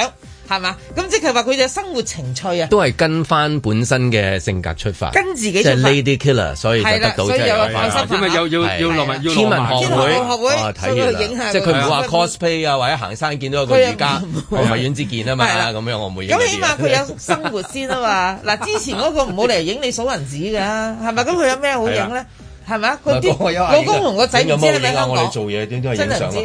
係嘛？咁即係話佢嘅生活情趣啊？都係跟翻本身嘅性格出發，跟自己即係 Lady Killer，所以就得到即所以又開心啲啦。咁啊，又要要落天文學會，天文學會啊，睇佢影下。即係佢唔會話 cosplay 啊，或者行山見到個家，我咪院之見啊嘛。咁樣我唔會影。咁起碼佢有生活先啊嘛。嗱，之前嗰個唔好嚟影你數銀紙噶，係咪？咁佢有咩好影咧？係咪啊？啲老公同個仔咁，即係咪我哋做嘢點都要影相咯。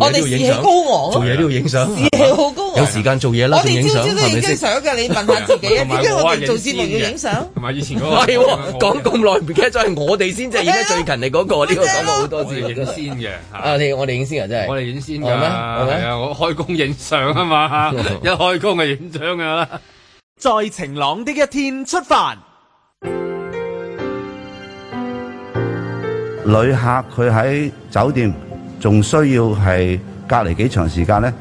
我哋志氣高昂啊！做嘢都要影相。志氣好高昂。有時間做嘢啦，我哋朝朝都影張相嘅。你問下自己，點解我哋做節目要影相？同埋以前嗰個。唔係喎，講咁耐，其實真係我哋先即係影得最勤力嗰個。呢個講過好多次，影得先嘅。啊，你我哋影先嘅真係。我哋影先嘅咩？係啊，我開工影相啊嘛，一開工就影相啊。在晴朗的一天出發。旅客佢喺酒店仲需要係隔離幾長時間咧？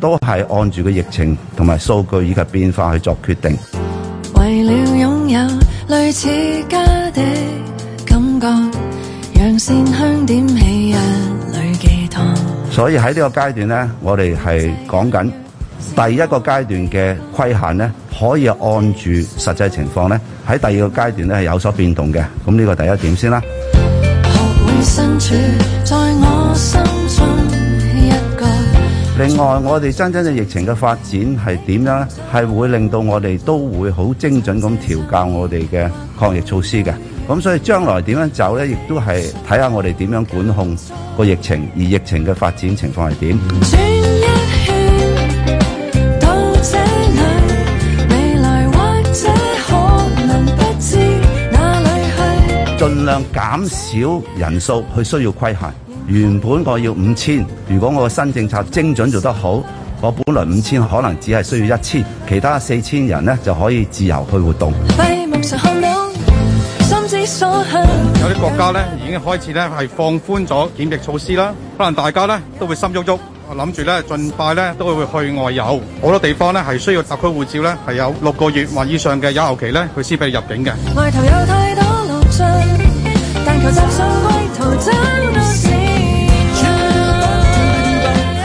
都係按住個疫情同埋數據以及變化去作決定。為了擁有類似家的感覺，讓線香點起一縷寄託。所以喺呢個階段咧，我哋係講緊第一個階段嘅規限咧，可以按住實際情況咧，喺第二個階段咧，係有所變動嘅。咁呢個第一點先啦。另外，我哋真正嘅疫情嘅發展係點樣呢？係會令到我哋都會好精準咁調教我哋嘅抗疫措施嘅。咁所以將來點樣走呢？亦都係睇下我哋點樣管控個疫情，而疫情嘅發展情況係點。盡量減少人數，佢需要規限。原本我要五千，如果我個新政策精準做得好，我本來五千可能只係需要一千，其他四千人呢就可以自由去活動。有啲國家呢已經開始呢係放寬咗檢疫措施啦，可能大家呢都會心喐喐，諗住呢盡快呢都會去外遊。好多地方呢係需要特區護照，呢係有六個月或以上嘅有效期，呢佢先俾入境嘅。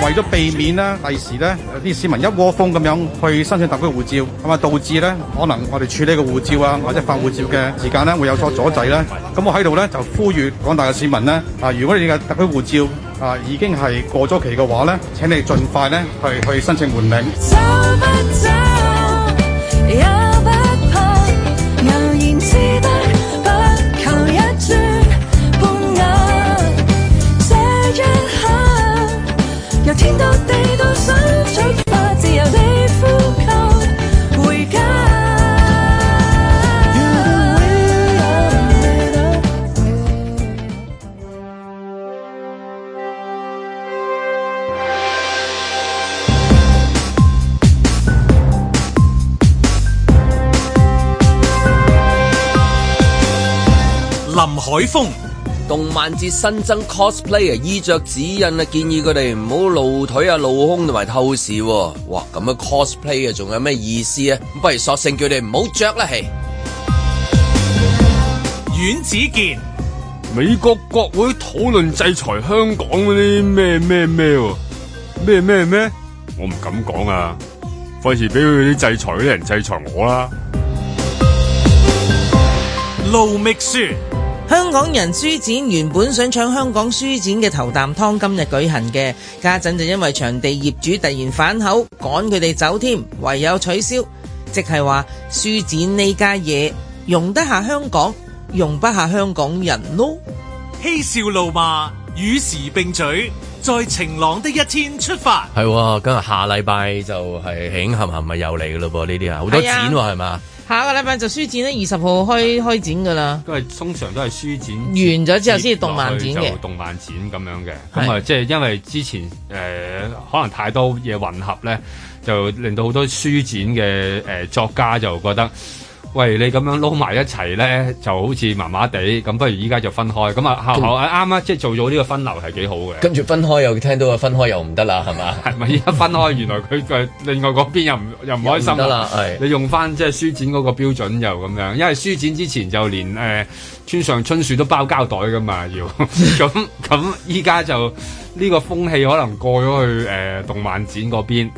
為咗避免咧，第時呢，有啲市民一窩蜂咁樣去申請特區護照，咁啊導致呢，可能我哋處理個護照啊，或者發護照嘅時間呢，會有所阻滯咧。咁我喺度呢，就呼籲廣大嘅市民呢，啊，如果你嘅特區護照啊已經係過咗期嘅話呢，請你盡快呢，去去申請換領。走海風，動漫節新增 cosplay 嘅衣着指引啊，建議佢哋唔好露腿啊、露胸同埋透視。哇，咁樣 cosplay 嘅仲有咩意思咧？不如索性叫佢哋唔好着啦。係，阮子健，美國國會討論制裁香港嗰啲咩咩咩？咩咩咩？我唔敢講啊，費事俾佢啲制裁嗰啲人制裁我啦。路明書。香港人書展原本想搶香港書展嘅頭啖湯，今日舉行嘅，家陣就因為場地業主突然反口，趕佢哋走添，唯有取消，即係話書展呢家嘢，容得下香港，容不下香港人咯。嬉笑怒罵，與時並舉，在晴朗的一天出發。係今日下禮拜就係慶幸係咪又嚟噶咯？呢啲啊好多展係嘛？下個禮拜就書展咧，二十號開的開展噶啦。因為通常都係書展完咗之後先至動漫展嘅，動漫展咁樣嘅。咁啊的，即係因為之前誒、呃，可能太多嘢混合咧，就令到好多書展嘅誒、呃、作家就覺得。喂，你咁樣撈埋一齊咧，就好似麻麻地，咁不如依家就分開，咁跟啊，後後啱啊，即係做咗呢個分流係幾好嘅。跟住分開又聽到佢分開又唔得啦，係嘛？係咪依家分開？原來佢誒另外嗰邊又唔又唔開心啦。係，你用翻即係書展嗰個標準又咁樣，因為書展之前就連誒、呃、村上春樹都包膠袋噶嘛，要咁咁依家就呢、呢個風氣可能過咗去誒、呃、動漫展嗰邊。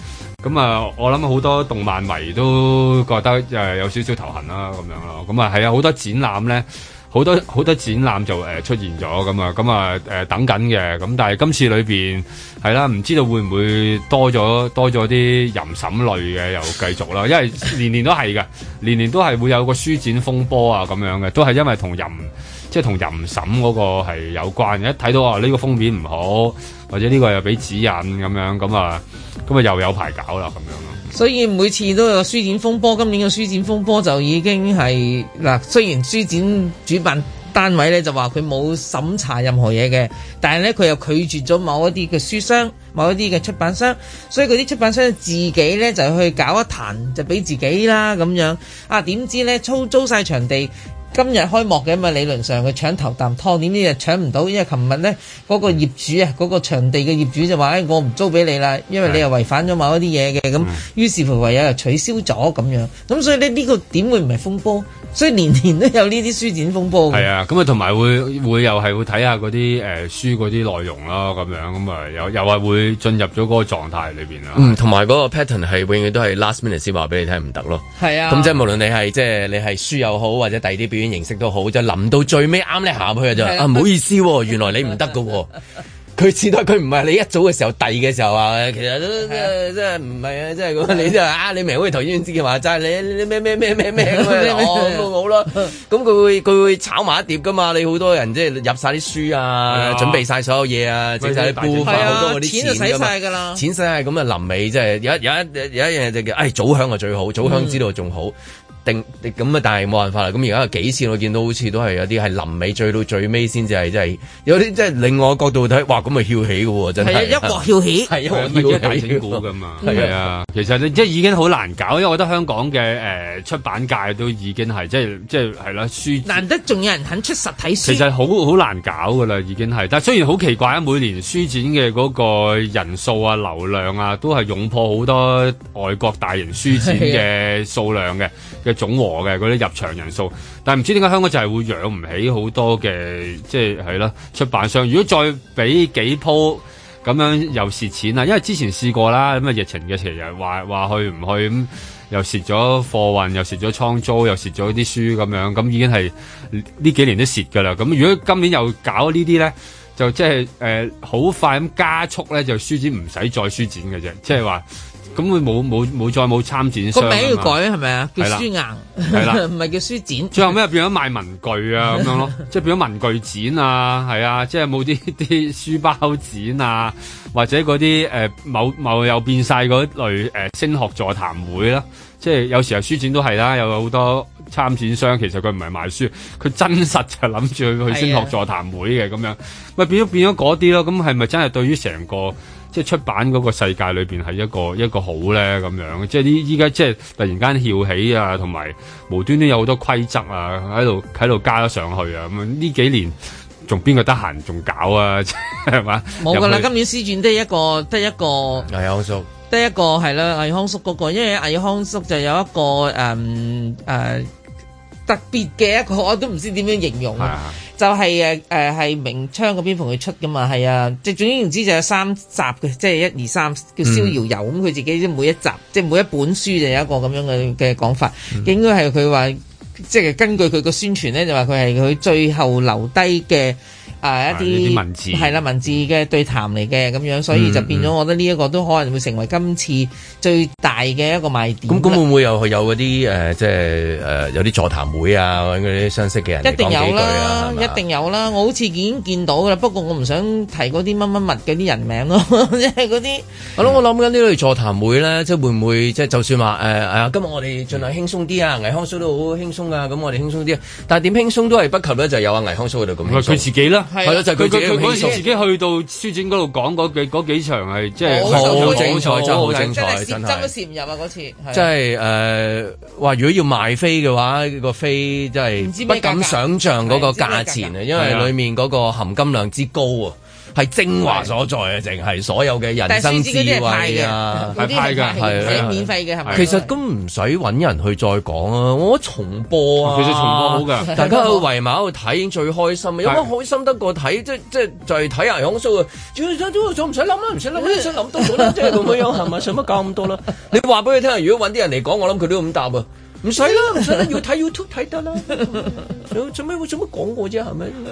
咁啊、 嗯，我諗好多動漫迷都覺得誒、呃、有少少頭痕啦，咁樣咯。咁啊，係啊，好多展覽咧，好多好多展覽就誒出現咗咁啊，咁啊誒等緊嘅。咁但係今次裏邊係啦，唔、嗯、知道會唔會多咗多咗啲淫審類嘅又繼續啦。因為年年都係嘅，年年都係會有個書展風波啊咁樣嘅，都係因為同淫，即係同淫審嗰個係有關嘅。一睇到啊，呢、呢個封面唔好。或者呢個又俾指引咁樣，咁啊，咁啊又有排搞啦咁樣咯。所以每次都有書展風波，今年嘅書展風波就已經係嗱，雖然書展主辦單位咧就話佢冇審查任何嘢嘅，但係咧佢又拒絕咗某一啲嘅書商、某一啲嘅出版商，所以嗰啲出版商自己咧就去搞一壇就俾自己啦咁樣。啊，點知咧租租曬場地。今日開幕嘅嘛，理論上佢搶頭啖湯，點知又搶唔到？因為琴日咧嗰個業主啊，嗰、嗯、個場地嘅業主就話咧：我唔租俾你啦，因為你又違反咗某一啲嘢嘅。咁於是乎唯有又取消咗咁樣。咁所以咧呢個點會唔係風波？所以年年都有呢啲書展風波。係啊，咁啊同埋會會又係會睇下嗰啲誒書嗰啲內容啦，咁樣咁啊又又係會進入咗嗰個狀態裏邊。嗯，同埋嗰個 pattern 係永遠都係 last minute 先話俾你聽唔得咯。係啊，咁即係無論你係即係你係書又好，或者第啲表形式都好，就臨、是、到最尾啱你行去就啊，唔、啊、好意思、啊，原來你唔得噶。佢似得，佢唔係你一早嘅時候遞嘅時候啊，其實真真係唔係啊，真係、啊、 你即係啊，你明、 哦、好似頭先之前話齋你咩咩咩咩咩咁好啦，咁佢 會佢會，會炒埋一碟噶嘛，你好多人即係入晒啲書啊，啊準備晒所有嘢啊，即係部分好多嗰啲錢咁啊，錢使係咁啊，臨尾即係有有一有一樣嘢叫，唉、就是哎，早香啊最好，早香知道仲好。嗯定咁啊！但係冇辦法啦。咁而家有幾次我見到好似都係有啲係臨尾追到最尾先至係，即係有啲即係另外一個角度睇，哇！咁咪翹起嘅喎，真係一鑊翹起，係一國啓升股嘅嘛。係啊是，是其實咧即係已經好難搞，因為我覺得香港嘅誒、呃、出版界都已經係即係即係係啦書。難得仲有人肯出實體書。其實好好難搞嘅啦，已經係。但係雖然好奇怪啊，每年書展嘅嗰個人數啊、流量啊，都係湧破好多外國大型書展嘅數量嘅。嘅總和嘅嗰啲入場人數，但係唔知點解香港就係會養唔起好多嘅，即係係囉出版商。如果再俾幾鋪咁樣又蝕錢喇，因為之前試過啦，咁啊疫情嘅時候又話話去唔去咁，又蝕咗貨運，又蝕咗倉租，又蝕咗啲書咁樣，咁已經係呢幾年都蝕㗎啦。咁如果今年又搞呢啲咧，就即係誒好快咁加速咧，就書展唔使再書展嘅啫，即係話。咁佢冇冇冇再冇參展商個名要改係咪啊？叫書硬係啦，唔係了 叫書展。 最後咩又變咗賣文具啊，咁樣咯， 即係變咗文具展啊，係啊，即係冇啲啲書包展啊，或者嗰啲誒某某，某又變晒嗰類誒升、呃、學座談會啦、啊，即係有時候書展都係啦、啊，有好多參展商其實佢唔係賣書，佢真實就諗住去去升學座談會嘅咁是、啊、樣，咪變咗變咗嗰啲咯。咁係咪真係對於成個？即係出版嗰個世界裏邊係一個一個好咧咁樣，即係呢依家即係突然間翹起啊，同埋無端端有好多規則啊，喺度喺度加咗上去啊咁。呢幾年仲邊個得閒仲搞啊？係 嘛吧？冇㗎啦，進去 今年私傳得一個得一個,、嗯、一個魏康叔，得一個係啦，魏康叔嗰、那個，因為魏康叔就有一個誒誒。嗯呃特別嘅一個，我都唔知點樣形容，嘅就係誒誒係明窗嗰邊同佢出嘅嘛，係啊。即係總言之，就有三集嘅，即係一二三叫《逍遙遊》。咁佢、嗯、自己即係每一集，即係每一本書就有一個咁樣嘅嘅講法。嗯、應該係佢話，即係根據佢個宣傳咧，就話佢係佢最後留低嘅。誒、啊、一啲文字，係啦、啊、文字嘅對談嚟嘅咁樣，所以就變咗，我覺得呢一個都可能會成為今次最大嘅一個賣點。咁咁、嗯嗯、會唔會又有嗰啲誒即係誒、呃、有啲座談會啊？揾嗰啲相識嘅人、啊、一定有啦，吧一定有啦，我好似已經見見到啦。不過我唔想提嗰啲乜乜物嘅啲人名咯、 嗯，即係嗰啲。係咯，我諗緊呢類座談會咧，即係會唔會即係就算話誒係今日我哋儘量輕鬆啲啊，倪匡叔都好輕鬆啊，咁我哋輕鬆啲。但係點輕鬆都係不及咧，就係、有阿倪匡叔喺度咁佢自己啦～係咯，就佢佢佢嗰陣時自己去到書展嗰度講嗰幾嗰幾場係即係好精彩，錯好精彩真係真係的涉針都涉唔入啊！嗰次 真係誒話，如果要買飛嘅話，個飛真係不，不敢想像嗰個價錢啊，錢因為裡面嗰個含金量之高啊！ 係精華所在啊！淨係所有嘅人生智慧啊，係派噶，係免費嘅，係咪？其實都唔使搵人去再講啊！我重播啊，其實重播好噶，大家去圍埋去睇，最開心啊！有乜開心得過睇？即即就係睇阿香叔啊！最想都唔使諗啦，唔使諗，我哋想諗多咗啦，即係咁樣，係咪？使乜搞咁多啦？你話俾佢聽，如果搵啲人嚟講，我諗佢都咁答啊！唔使啦，唔使啦，要睇 YouTube 睇得啦。做咩？ 做咩講過啫？係咪？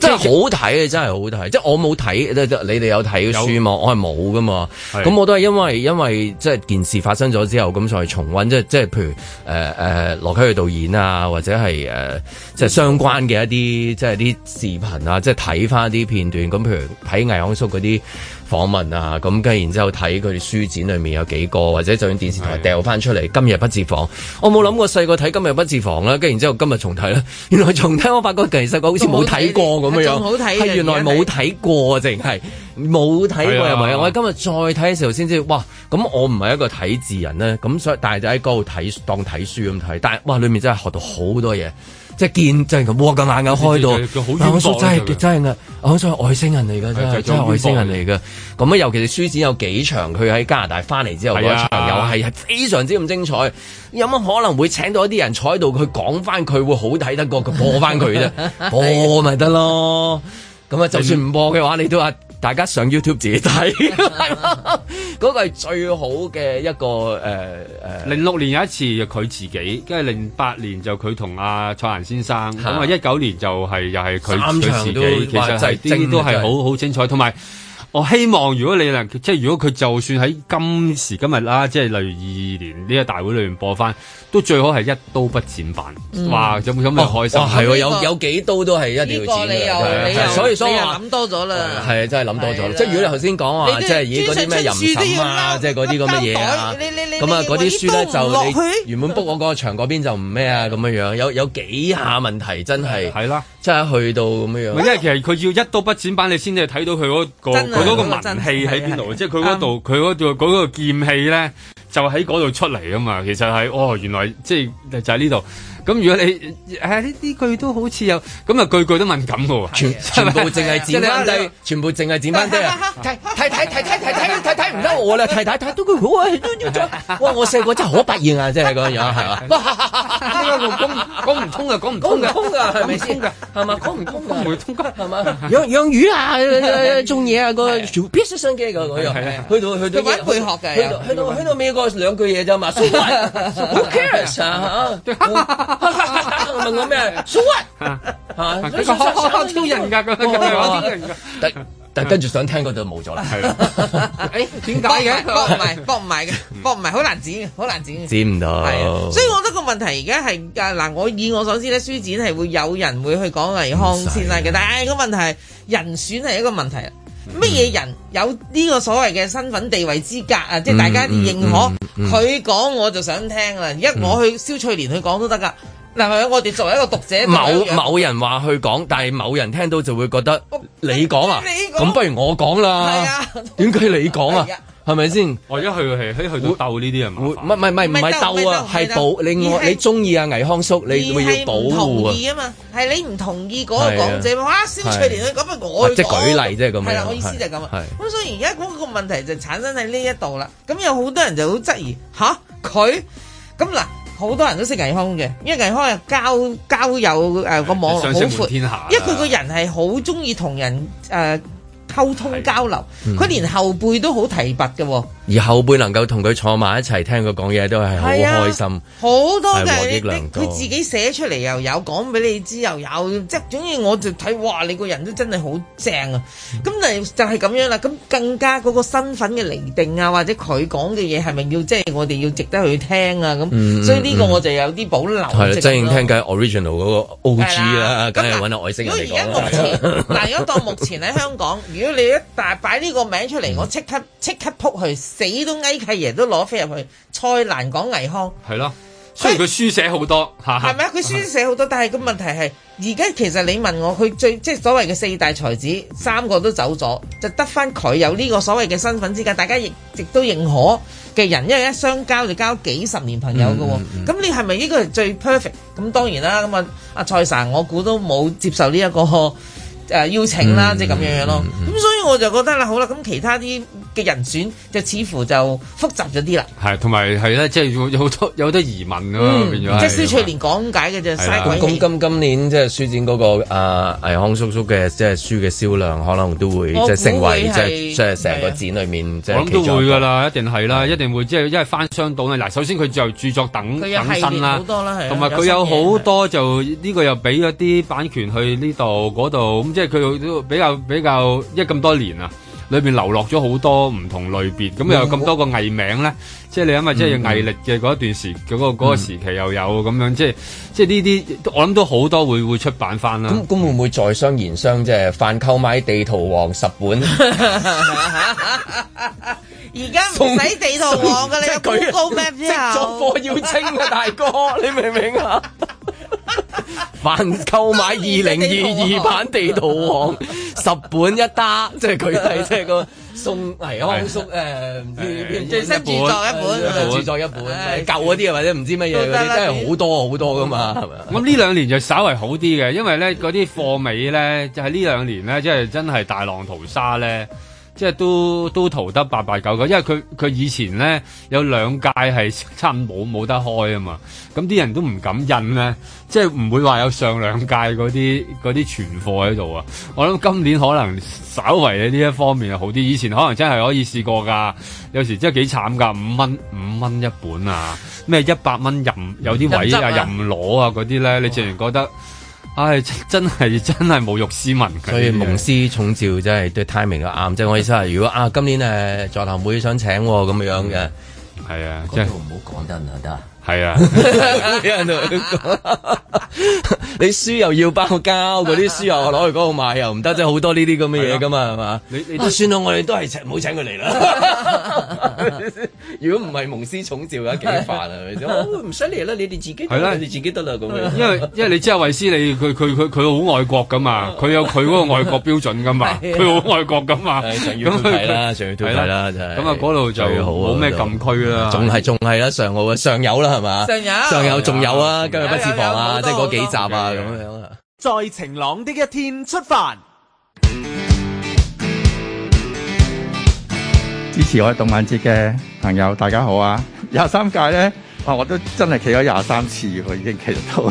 真係好睇啊！真係好睇。即係我冇睇你哋有睇嘅書有嘛？我係冇噶嘛。咁我都係因為因為即係件事發生咗之後，咁所以重溫。即係即係譬如誒誒、呃呃，羅啟銳導演啊，或者係誒即係相關嘅一啲即係啲視頻啊，即係睇翻啲片段。咁譬如睇魏昂叔嗰啲。訪問啊，咁跟然之後睇佢哋書展裏面有幾個，或者就算電視台掉翻出嚟。的今日不設防，我冇諗過細個睇今日不設防啦，跟然之後今日重睇啦。原來重睇我發覺其實細個好似冇睇過咁樣，係、啊、原來冇睇過，淨係冇睇過又唔係，我今日再睇嘅時候先知，哇！咁我唔係一個睇字人咧，咁所以但係就喺嗰度睇當睇書咁睇，但係哇，裡面真係學到好多嘢。即係見真咁，哇！個眼又開到，我叔真係真啊，好似係外星人嚟㗎，真係外星人嚟㗎。咁、就是、啊，尤其是書展有幾場，佢喺加拿大翻嚟之後嗰、啊、場又係非常之咁精彩。有乜、啊、可能會請到一啲人坐喺度，佢講翻佢會好睇得過，佢播翻佢啫， 的播咪得咯。咁啊，就算唔播嘅話，你都話。大家上 YouTube 自己睇，嗰個係最好嘅一個誒誒。零、呃、六、呃、年有一次佢自己，跟住零八年就佢同阿蔡瀾先生，咁啊一九年就係、是、又係佢佢自己，其實啲、就是、都係好好精彩，同埋、就是。我希望如果你能即係，如果佢就算喺今時今日啦，即係例如二二年呢個大會裏面播翻，都最好係一刀不剪版。哇！有冇咁開心？係有有幾刀都係一定要剪嘅。所以所以話諗多咗啦。係真係諗多咗。即係如果你頭先講話，即係以嗰啲咩淫審啊，即係嗰啲咁嘅嘢啊。咁啊，嗰啲書咧就原本 book 我嗰個場嗰邊就唔咩啊咁樣樣。有有幾下問題真係。係啦。真係去到咁樣，因為其實佢要一刀不剪版，你先至睇到佢嗰個佢嗰個文氣喺邊度，即係佢嗰度佢嗰度嗰個劍氣咧就喺嗰度出嚟噶嘛。其實係哦，原來即係就喺呢度。咁如果你哎呢啲句都好似有咁啊，句句都敏感嘅喎，全部淨係剪返低，全部淨係剪返低啊！提提提提提提唔得我啦，太太睇到佢好啊，哇！我細個真係好百厭啊，真係嗰樣係嘛？哇！呢講唔通啊，講唔通嘅，係咪先？係嘛，講唔通嘅，唔通嘅，係嘛？養養魚啊，種嘢啊，個必須心機嘅嗰樣。係係，去到去到揾佢學嘅，去到去到屘個兩句嘢啫嘛。So what? Who cares 啊？問我咩？So what？嚇！佢可可超人㗎，佢佢可超人㗎。但跟住想聽嗰度就冇咗啦，係咯？誒點解嘅？割唔埋，割唔埋嘅，割唔埋，好難剪嘅，好難剪。剪唔到。所以我覺得個問題而家係啊嗱，我以我所知咧，書展係會有人會去講倪匡先生嘅，但係個問題係人選係一個問題啊。乜嘢人有呢個所謂嘅身份地位資格啊？即係大家認可佢講我就想聽啦。而家我去蕭翠蓮去講都得㗎。嗱，我哋作為一個讀者，某某人話去講，但係某人聽到就會覺得你講啊，咁不如我講啦。係啊，點解你講啊？係咪先？我而家去係去到鬥呢啲人，唔係唔係唔係唔係鬥啊，係保另外你中意啊倪康叔，你咪要保護啊嘛。係你唔同意嗰個講者，哇！肖翠蓮去咁啊，我去。即係舉例啫，咁。係啦，我意思就係咁啊。係。咁所以而家嗰個問題就產生喺呢一度啦。咁有好多人就好質疑嚇佢咁嗱。好多人都識倪匡嘅，因為倪匡係交交友誒個、呃、網絡好闊，天下因為佢個人係好中意同人誒、呃、溝通交流，佢的連後輩都好提拔嘅喎。嗯而後輩能夠同佢坐埋一齊聽佢講嘢，都係好開心，好、啊、多嘅佢自己寫出嚟又有，講俾你知又有，即係總之我就睇，哇！你個人都真係好正啊！咁就係咁樣啦。咁更加嗰個身份嘅釐定啊，或者佢講嘅嘢係咪要即係、就是、我哋要值得去聽啊？咁、嗯、所以呢個我就有啲保留。係、嗯嗯啊、真係聽緊 original 嗰個 O G 啦、啊，梗係揾下外星人講。嗱，如果到目前喺 香港，如果你一大擺呢個名出嚟，嗯、我即刻即刻撲去。死都危契爺都攞飛入去，蔡瀾講倪匡係咯。雖然佢書寫好多嚇，係咪啊？佢書寫好多，但係個問題係而家其實你問我，佢最即係所謂嘅四大才子三個都走咗，就得翻佢有呢個所謂嘅身份資格，大家亦亦都認可嘅人，因為一相交就交幾十年朋友㗎喎。咁你係咪呢個係最 perfect？咁當然啦。咁啊，阿蔡生，我估都冇接受呢一個誒邀請啦，即係咁樣樣咯。咁所以我就覺得啦，好啦，咁其他啲。嘅人選就似乎就複雜咗啲啦，係同埋係咧，即係有有好多有好多疑問咯，變咗即係蕭翠蓮講解嘅就係嗱，咁咁今年即係書展嗰個啊，倪匡叔叔嘅即係書嘅銷量可能都會即係成為即係即係成個展裡面即係其中會嘅啦，一定係啦，一定會即係因為翻商到咧嗱，首先佢就著作等等身啦，好多啦，同埋佢有好多就呢個又俾咗啲版權去呢度嗰度咁，即係佢都比較比較因為咁多年啊。裏面流落咗好多唔同類別，咁又有咁多個藝名咧，即係你諗下，即係藝歷嘅嗰一段時，嗰個嗰個時期又有咁、嗯、樣，即係即係呢啲，我諗都好多會會出版翻啦。咁咁會唔會在商言商？即係販購買地圖王十本？ 而家唔使地圖王嘅咧，佢做咩？作貨要清啊，大哥，你明唔明啊？凡購買二零二二版地圖王十本一打，即係佢係即係個送，係康叔誒，一本一本，一本一本，舊嗰啲或者唔知乜嘢嗰啲，真係好多好多噶嘛，係咪？咁呢兩年就稍為好啲嘅，因為咧嗰啲貨尾咧，就喺呢兩年咧，即係真係大浪淘沙咧。即係都都逃得八八九九，因為佢佢以前咧有兩屆係差冇冇得開啊嘛，咁啲人都唔敢印咧，即係唔會話有上兩屆嗰啲嗰啲存貨喺度啊。我諗今年可能稍為呢一方面就好啲，以前可能真係可以試過㗎，有時真係幾慘㗎，五蚊五蚊一本啊，咩一百蚊任有啲位啊任攞啊嗰啲咧，呢哦、你淨係覺得。唉、哎，真係真係侮辱斯文，所以蒙師重召真係對 timing 嘅啱。即係我意思係，如果啊今年誒座談會想請咁樣嘅，係、嗯、啊，即係唔好講得啦，唔得，係啊。 你書又要包膠，嗰啲書又攞去嗰度買又唔得，即係好多呢啲咁嘅嘢噶嘛，係嘛？你你都算啦，我哋都係請唔好請佢嚟啦。如果唔係蒙師寵召嘅，幾煩啊？唔使嚟啦，你哋自己係啦，你自己得啦咁樣。因為因為你知啊，衛斯理，你佢佢佢佢好愛國噶嘛，佢有佢嗰個愛國標準噶嘛，佢好愛國噶嘛。咁係啦，上調係啦，真係。咁啊，嗰度就冇咩禁區啦，仲係仲係啦，上好啊，上有啦，係嘛？上有上有仲有啊，今日不設防啊，即係。幾集啊？咁樣啊！在晴朗的一天出發， 支持我喺動漫節嘅朋友，大家好啊！廿三屆咧，啊，我都真係企咗廿三次，佢已經企到。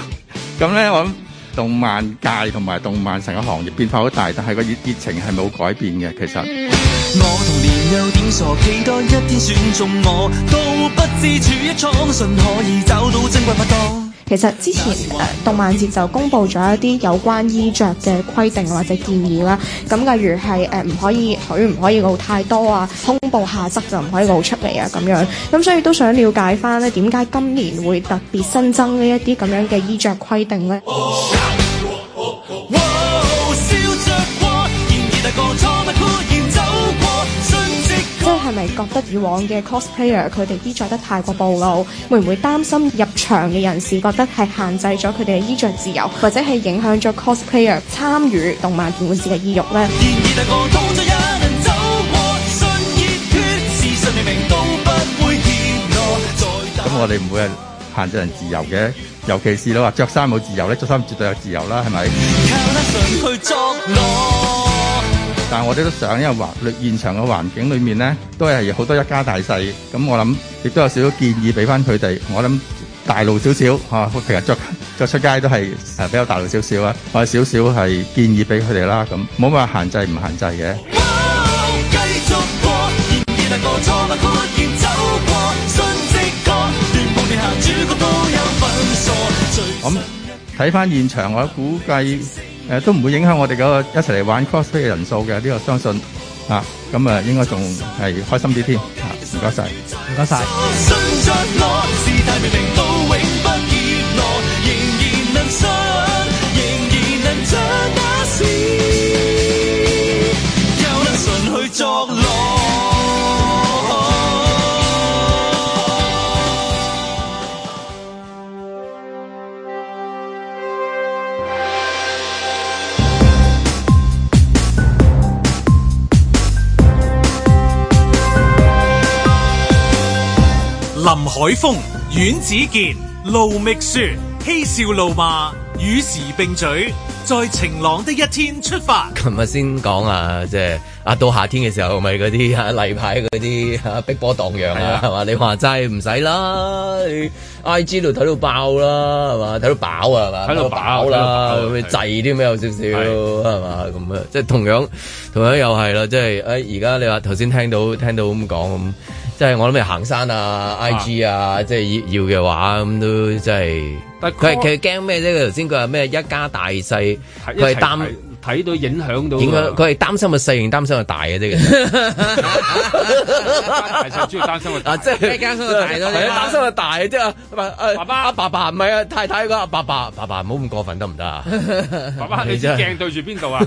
咁 咧，我諗動漫界同埋動漫成個行業變化好大，但係個熱熱情係冇改變嘅。其實，我童年有點傻，期待一天選中我，都不知處於倉，信可以找到精貴不當。其實之前誒、uh, 動漫節就公布咗一啲有關衣着嘅規定或者建議啦，咁例如係誒唔可以許唔可以露太多啊，胸部下側就唔可以露出嚟啊咁樣，咁、嗯、所以都想了解翻咧點解今年會特別新增呢一啲咁樣嘅衣着規定呢。Oh, oh, oh, oh, oh, oh. 覺得以往嘅 cosplayer 佢哋衣着得太過暴露，會唔會擔心入場嘅人士覺得係限制咗佢哋嘅衣着自由，或者係影響咗 cosplayer 參與動漫展會時嘅意欲呢？咁 我哋唔會係限制人自由嘅，尤其是你話着衫冇自由咧，着衫絕對有自由啦，係咪？但係我哋都想，因為環現場嘅環境裏面咧，都係好多一家大細。咁我諗，亦都有少少建議俾翻佢哋。我諗大路少少吓，平日出出出街都係誒比較大路少少啊。我有少少係建議俾佢哋啦。咁冇乜話限制唔限制嘅。咁睇翻現場，我估計。誒都唔會影響我哋嗰個一齊嚟玩 cosplay 嘅人數嘅，呢、這個相信嚇，咁啊，啊應該仲係開心啲添嚇，唔該晒，唔該晒。 林海峰、阮子健、盧覓雪、嬉笑怒罵與時並舉，在晴朗的一天出發。琴日先講啊，即係啊，到夏天嘅時候咪嗰啲啊，例牌嗰啲啊，碧波蕩漾啊，係嘛？你話齋唔使啦，IG 度睇到爆啦，係嘛？睇到飽啊，係嘛？睇到飽啦，滯啲咩？有少少係嘛？咁啊，即係同樣同樣又係啦，即係誒，而家你話頭先聽到聽到咁講咁。即係我諗住行山啊、IG 啊，啊即係要嘅話咁都即係。佢佢驚咩啫？佢頭先佢話咩一家大細，佢係擔提。睇到影響到，點解？佢係擔心個細定擔心個大嘅啫。哈哈哈哈哈！擔心個啊，即係擔心個大咯，擔心個大嘅啫。啊，爸爸爸爸唔係啊，太太爸爸爸爸唔好咁過分得唔得啊？爸爸你支鏡對住邊度啊？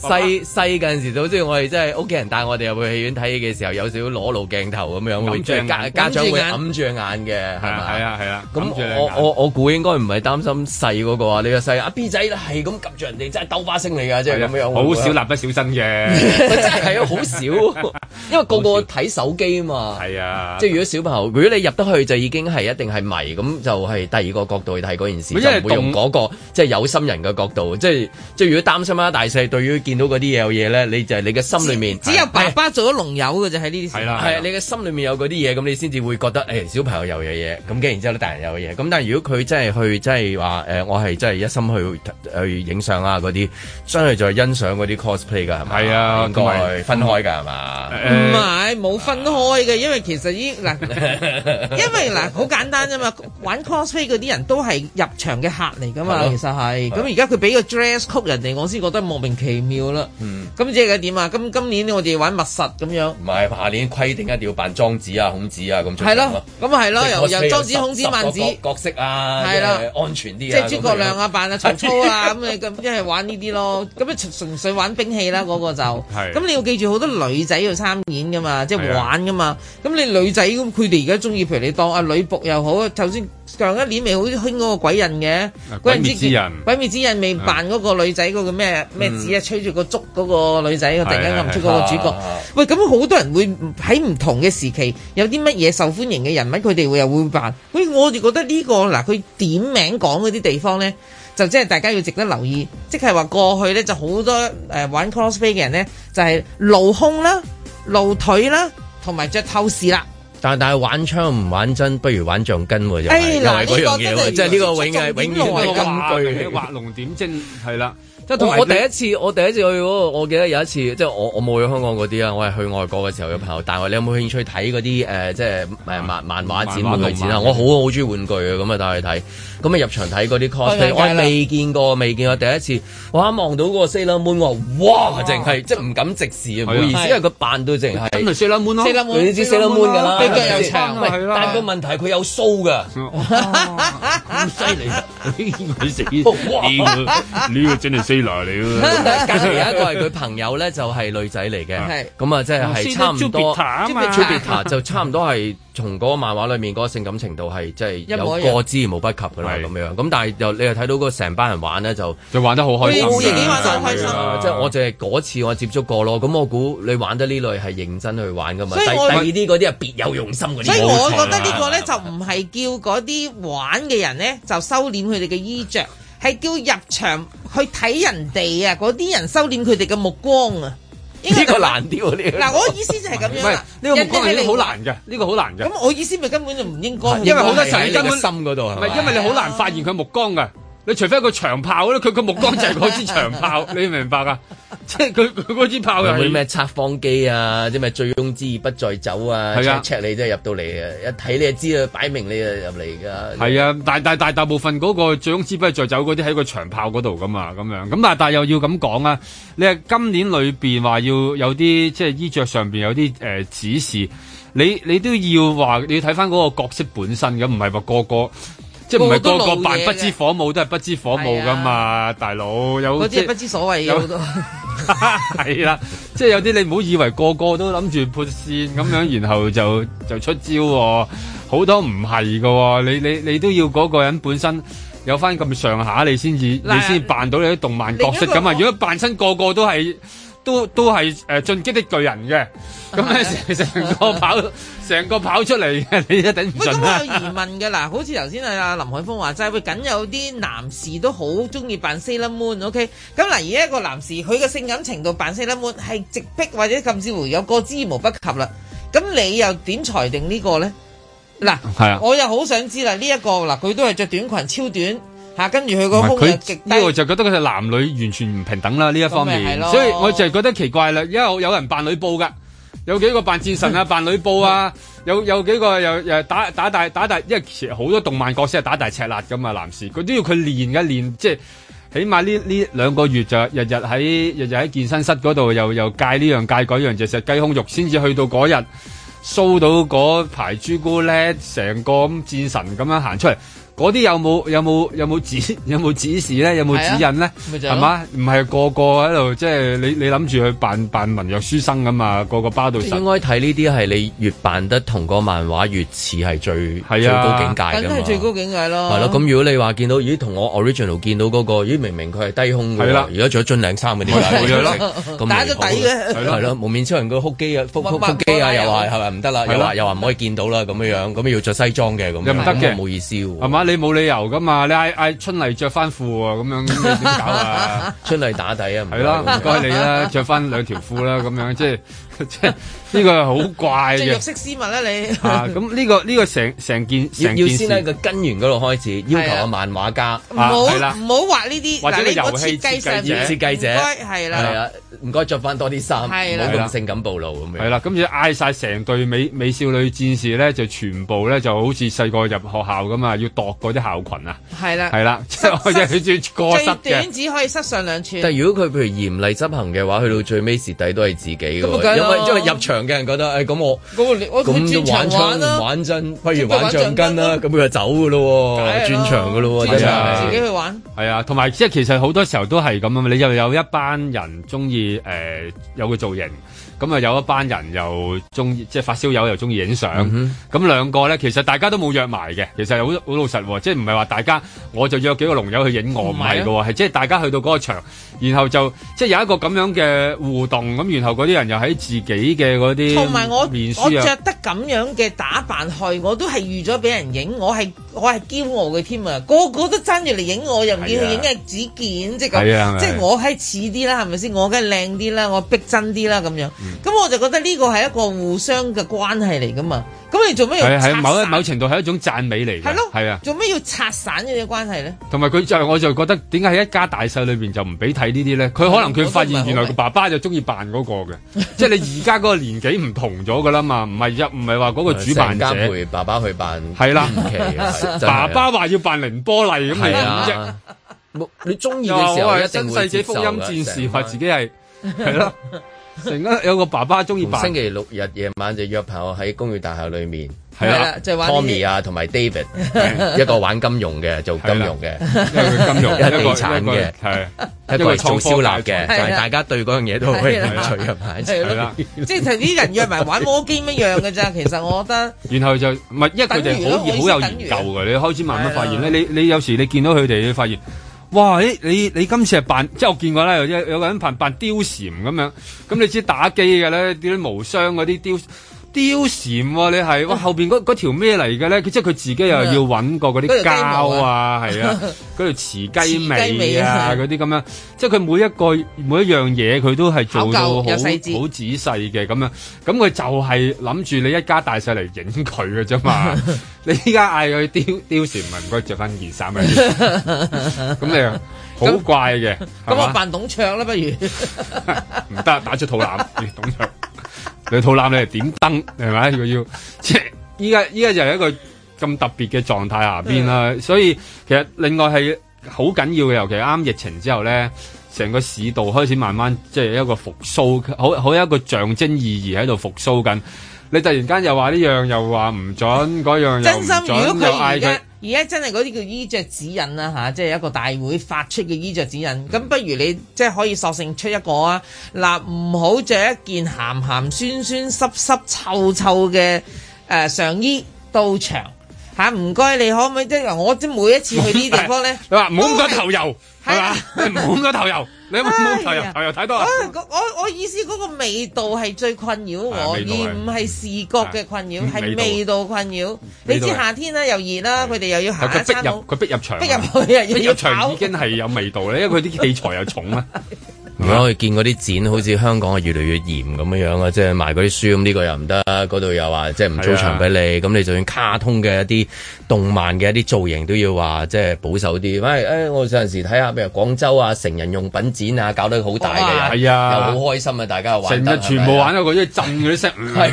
細細嗰陣時，好似我哋，即係屋企人帶我哋入去戲院睇嘅時候，有少少裸露鏡頭咁樣，家家長會揞住眼嘅，係啊，係啊，係啊。咁我我我估應該唔係擔心細嗰個啊，你個細阿 B 仔啦，係咁人哋真係兜巴星嚟㗎，即係咁樣。好少蠟筆小新嘅，真係係啊，好少。因為個個睇手機啊嘛，係啊，即係如果小朋友，如果你入得去就已經係一定係迷，咁就係第二個角度去睇嗰件事就，那個，就唔會用嗰個即係有心人嘅角度。即係即係如果擔心啊大細對於見到嗰啲嘢有嘢咧，你就係、是，你嘅心裡面只，只有爸爸做咗龍友嘅就係呢啲事啦，係啊，你嘅心裡面有嗰啲嘢，咁你先至會覺得誒、欸、小朋友有嘢嘢，咁跟住然之後咧大人有嘢，咁但係如果佢真係去真係話誒，我係真係一心去去影相啊嗰啲，相對再欣賞嗰啲 cosplay 㗎係咪？係啊，啊應該分開㗎係嘛？唔係冇分開嘅，因為其實依嗱，因為嗱好簡單啫嘛，玩 cosplay 嗰啲人都係入場嘅客嚟噶嘛，其實係。咁而家佢俾個 dress 曲人哋，我先覺得莫名其妙啦。嗯，咁即係點啊？咁今年我哋玩密實咁樣。唔係，下年規定一定要扮莊子啊、孔子啊咁。係咯，咁啊係咯，又又莊子、孔子、孟子角色啊，係啦，安全啲即係諸葛亮啊，扮啊曹操啊咁啊，咁一係玩呢啲咯。咁啊純粹玩兵器啦，嗰個就。係。咁你要記住好多女仔要參演噶嘛，即係玩噶嘛。咁、哎呀 嗯、你女仔咁，佢哋而家中意，譬如你當阿女僕又好。頭先上一年咪好興嗰個鬼人嘅鬼滅之人，鬼滅之人未扮嗰個女仔嗰個咩咩子啊，嗯、吹住個竹嗰個女仔，突然間揞出嗰個主角。哎啊、喂，咁好多人會喺唔同嘅時期有啲乜嘢受歡迎嘅人物，佢哋又會扮。喂，我哋覺得呢、這個嗱，佢點名講嗰啲地方咧，就真係大家要值得留意。即係話過去咧就好多誒玩 cosplay 嘅人咧，就係、是、露胸啦。露腿啦，同埋着透視啦，但係但係玩槍唔玩真，不如玩橡筋喎，又欸、就係嗰樣嘢，即係呢個永遠係重永遠根據嘅畫龍點睛，係啦。 我第一次，我第一次去嗰個，我記得有一次，即係我我冇去香港嗰啲啊。我係去外國嘅時候有朋友帶我。你有冇興趣睇嗰啲誒，即係漫漫畫展嗰類展啊？我好我好中意玩具啊。咁啊帶去睇，咁啊入場睇嗰啲我未見過，未見過第一次。我一望到嗰個 Sailor Moon，我話哇，淨係即係唔敢直視啊，唔好意思，因為佢扮到淨係。嗰條 Sailor Moon 咯，你知 Sailor Moon 㗎啦，比較但係個問題佢有須㗎，好犀利啊！㖏死，呢個真係隔離有一個係佢朋友咧，就係女仔嚟嘅。咁啊，即係係差唔多。Twitter 啊嘛，Twitter 就差唔多係從嗰個漫畫裡面嗰個性感程度係即係有過之而無不及噶啦。咁樣咁，但係又你又睇到個成班人玩咧，就就玩得好開心。冇人話唔開心啊！即係我就係嗰次我接觸過咯。咁我估你玩得呢類係認真去玩噶嘛？所以第二啲嗰啲係別有用心嘅。所以我覺得呢個咧就唔係叫嗰啲玩嘅人咧就收斂佢哋嘅衣着。係叫入場去睇人哋啊！嗰啲人收斂佢哋嘅目光啊！呢、這個、個難啲嗱、啊，我意思就係咁樣目光係好難嘅，呢個好難嘅。咁我意思咪根本就唔應該，因為好多時根本心嗰度，唔係因，吧因為你好難發現佢目光噶。你除非一個長炮咯，佢個目光就係嗰支長炮， 你明白啊？即係佢佢嗰支炮又係咩拆放機啊？即係咩醉翁之意不在酒啊 check check 你即係入到嚟啊！一睇你就知啊，擺明你啊入嚟噶。係啊，但但但大部分嗰個醉翁之不在酒嗰啲喺個長炮嗰度噶嘛，咁樣咁但但又要咁講啊？你係今年裏邊話要有啲即係衣着上邊有啲誒、呃、指示，你你都要話你要睇翻嗰個角色本身咁，唔係話個個。即係唔係個個扮不知火舞都係不知火舞噶嘛，啊、大佬有啲係即不知所謂好有 很多，係 啦、 啊，即係有啲你唔好以為個個都諗住撥線咁樣，然後就就出招，好多唔係噶，你你你都要嗰個人本身有翻咁上下，你先至你先扮到你啲動漫角色咁啊！如果扮身個，個個都係。都都係誒、呃、進擊的巨人嘅，咁咧成成個跑成 個跑出嚟嘅，你一定頂唔順啦。我有疑問嘅，嗱， 好似頭先阿阿林海峯話齋，係梗有啲男士都好中意扮 Sailor Moon，OK？咁嗱，而家一個男士佢嘅性感程度扮 Sailor Moon，係直逼或者甚至乎有過之無不及啦。咁你又點裁定個呢個咧？嗱，係啊，我又好想知啦、這個，呢一個嗱，佢都係着短裙超短。啊、跟住佢個胸又極低，我就覺得佢係男女完全唔平等啦呢一方面，所以我就覺得奇怪啦。因為有人扮女暴噶，有幾個扮戰神啊、扮女暴啊， 有有幾個又又打打大打大，因為好多動漫角色係打大赤肋噶嘛，男士佢都要佢練一練，即係起碼呢呢兩個月就日日喺日日喺健身室嗰度又又戒呢樣戒嗰樣，就食雞胸肉先至去到嗰日，show 到嗰排朱古力成個咁戰神咁樣行出嚟。嗰啲有冇有冇有冇指有冇指示咧？有冇指引咧？係、啊就是、嘛？唔係個個喺度即係你你諗住去扮扮文弱書生咁嘛？個個巴到神，應該睇呢啲係你越扮得同個漫畫越似係最、啊、最高境界㗎嘛！梗係最高境界咯。係咯，咁如果你話見到咦同我 original 見到嗰、那個咦明明佢係低胸㗎，而家著樽領衫嘅點解？打個底嘅係咯，無面超人個腹肌啊腹腹腹肌啊又係係咪唔得啦？又話又話唔可以見到啦咁樣樣，咁要著西裝嘅咁，又唔得嘅冇意思喎。係嘛？你冇理由噶嘛？你嗌嗌春麗着翻褲啊？咁樣點搞啊？出嚟 打底啊？係咯的，唔該你啦，着翻兩條褲啦，咁樣即係，即係呢、這個好怪嘅。著肉色絲襪啦你。咁 呢、啊這個呢、這個成成、這個、件，要要先喺個根源嗰度開始，要求阿漫畫家，唔好唔好畫呢啲，或者遊戲設計者，唔該，係啦。唔該，着翻多啲衫，冇咁性感暴露咁樣。係啦，咁就嗌晒成隊美美少女戰士咧，就全部咧就好似細個入學校咁啊，要度嗰啲校裙啊。係啦，係啦，塞住最短只可以塞上兩寸，但係如果佢譬如嚴厲執行嘅話，去到最尾蝕底都係自己嘅。因為入場嘅人覺得，誒咁我咁，咁要玩槍玩真，不如玩橡筋啦，咁佢就走嘅咯，轉場嘅咯，就係自己去玩。係啊，同埋即係其實好多時候都係咁啊你又有一班人中意。誒、呃，有個造型，咁、嗯、啊有一班人又中意，即係發燒友又中意影相，咁兩、嗯、哼個咧其實大家都冇約埋嘅，其實好好老實，即係唔係話大家我就約幾個龍友去影我，唔係嘅，係即係大家去到嗰個場，然後就即係有一個咁樣嘅互動，咁然後嗰啲人又喺自己嘅嗰啲，同埋我我着得咁樣嘅打扮去，我都係預咗俾人影，我係。我係驕傲嘅添啊！個個都爭住嚟影我，又唔見佢影緊子健即係咁樣，即係我係似啲啦，係咪先？我梗係靚啲啦，我逼真啲啦咁樣。咁、嗯、我就覺得呢個係一個互相嘅關係嚟㗎嘛。咁你做咩？係係某一某程度係一種讚美嚟嘅。係咯，係啊。做咩要拆散呢啲關係咧？同埋佢就我就覺得點解喺一家大細裏邊就唔俾睇呢啲咧？佢可能佢發現原來佢爸爸就中意扮嗰個嘅，即係你而家嗰個年紀唔同咗噶啦嘛，唔係唔係話嗰個主辦者。成家陪爸爸去扮。係啦，爸爸話要扮凌波麗咁嚟嘅啫。你中意嘅時候一定就係新世紀福音戰士，話自己係係咯。成日有個爸爸中意。星期六日夜晚就約朋友喺公寓大廈裏面，係啦，即係玩 Tommy 啊，同埋 David，一個玩金融嘅，做金融嘅，一個金融，一個地產嘅，係，一個做燒臘嘅，就係大家對嗰樣嘢都好有興趣，埋一齊，即係同啲人約埋玩摩機一樣嘅咋，其實我覺得，然後就唔係，因為佢哋好好有研究嘅，你開始慢慢發現咧，你你有時你見到佢哋，你發現。哇！欸、你你今次係扮，即係我見過咧，有有個人扮扮貂蟬咁樣，咁你知打機嘅咧，點啲無雙嗰啲貂。貂蟬喎，你係哇？後邊嗰條咩嚟嘅咧？佢即係佢自己又要揾過嗰啲膠啊，係啊，嗰條雉雞尾啊，嗰啲咁樣。即係佢每一個每一樣嘢，佢都係做到好好仔細嘅咁樣。咁佢就係諗住你一家大細嚟影佢嘅啫嘛。你依家嗌佢貂貂蟬，唔係唔該著翻件衫咪？咁你好怪嘅。咁我扮董卓啦，不如唔得，打出肚腩，董卓。你肚腩你係點燈係咪？佢要即係依家依家就係一個咁特別嘅狀態下邊啦，嗯、所以其實另外係好緊要嘅，尤其啱疫情之後咧，成個市道開始慢慢即係、就是、一個復甦，好好有一個象徵意義喺度復甦緊。你突然間又話呢樣，樣又話唔準，嗰樣真心，如果佢而家而家真係嗰啲叫衣着指引啦、啊、吓、啊，即係一個大會發出嘅衣着指引，咁、嗯、不如你即係可以索性出一個啊！嗱、啊，唔好着一件鹹鹹酸酸濕濕，濕臭臭嘅誒上衣到場吓，唔、啊、該你可唔可以即係我即每一次去呢啲地方咧， 你話冇咗頭油係嘛，冇咗頭油。你又睇又睇又太多啦！我我意思嗰個味道係最困擾我，而唔係視覺嘅困擾，係味道困擾。你知夏天啦，又熱啦，佢哋又要行佢逼入佢逼入場，逼入去又要入場，已經係有味道咧，因為佢啲器材又重啦。如果去見嗰啲展，好似香港係越嚟越嚴咁樣樣啊！即係賣嗰啲書咁，呢個又唔得，嗰度又話即係唔租場俾你，咁你就算卡通嘅一啲動漫嘅一啲造型都要話即係保守啲。喂，誒我上陣時睇下，譬如廣州啊，成人用品展啊，搞得好大嘅，係啊，好開心啊！大家玩成日全部玩到嗰啲震嗰啲聲，係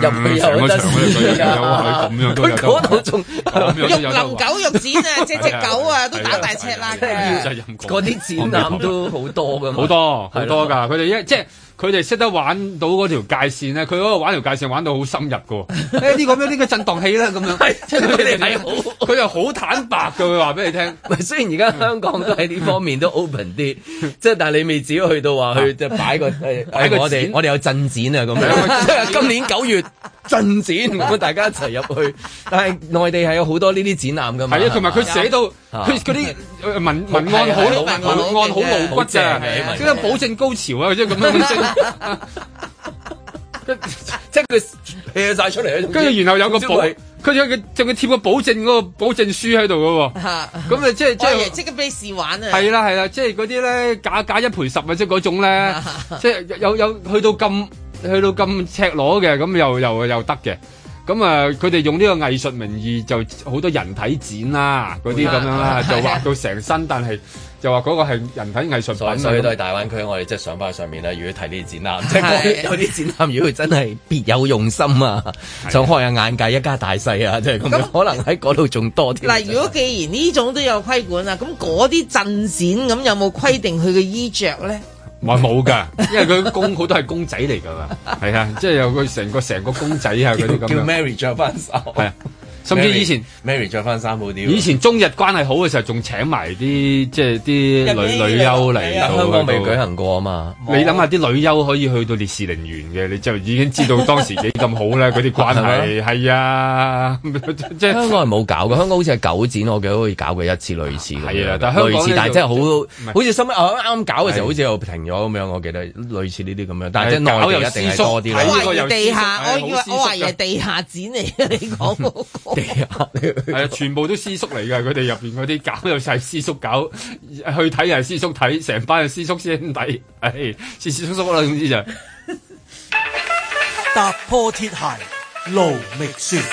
入去又一場，又咁樣，佢嗰度仲玉林狗肉展啊，隻隻狗啊都打大赤鈪嘅，嗰啲展覽都好多嘅。好多好多噶，佢哋一即係佢哋識得玩到嗰條界線咧，佢嗰個玩條界線玩到好深入噶喎。呢個咩？呢個震盪器啦，咁樣，即係佢哋係好。佢又好坦白，佢話俾你聽。唔雖然而家香港喺呢方面都 open 啲，即係但係你未至於去到話去就擺個誒。我哋我哋有進展啊，咁樣。今年九月進展，我大家一齊入去。但係內地係有好多呢啲展覽噶嘛。係啊，同埋佢寫到。佢啲文文案好文案好露骨咋，即係保證高潮啊，即係咁樣，即係佢貼晒出嚟。跟住然後有個保，佢有佢仲要貼個保證嗰個保證書喺度噶，咁啊即係即係即刻俾試玩啊！係啦係啦，即係嗰啲咧，假假一賠十啊，即係嗰種咧，即係有有去到咁去到咁赤裸嘅，咁又又又得嘅。咁啊，佢哋用呢個藝術名義就好多人體展啦、啊，嗰啲咁樣啦，就畫說的到成身，但係就話嗰個係人體藝術所。所以都係大灣區，的我哋即係上班上面咧，如果睇呢啲展覽，的有啲展覽的如果佢真係別有用心啊，的想開下眼界，一家大細啊，即係咁樣，的可能喺嗰度仲多啲。嗱那，如果既然呢種都有規管啊，咁嗰啲陣展咁有冇規定佢嘅衣着咧？唔係冇噶，因為佢啲公好多係公仔嚟噶嘛，係啊，即係有個成個成個公仔啊，嗰啲咁樣。叫 Mary 著翻手，係啊。甚至以前 Mary 著翻衫，以前中日關係好嘅時候，仲請埋啲即係啲女女優嚟。香港未舉行過啊嘛？你諗下啲女優可以去到烈士陵園嘅，你就已經知道當時幾咁好啦。嗰啲關係係啊，即係香港係冇搞過。香港好似係九展，我記得可以搞過一次類似。係啊，但係香港但係即係好，好似收啱啱搞嘅時候，好似又停咗咁樣。我記得類似呢啲咁樣，但係內地又一定係多啲地下，我以為係地下展嚟嘅，你講係啊， 全部都師叔嚟噶，佢哋入邊嗰啲搞又晒師叔搞，去睇又係師叔睇，成班嘅師叔師兄弟，唉、哎，是師叔叔啦，總之就。 踏破鐵鞋勞覓雪。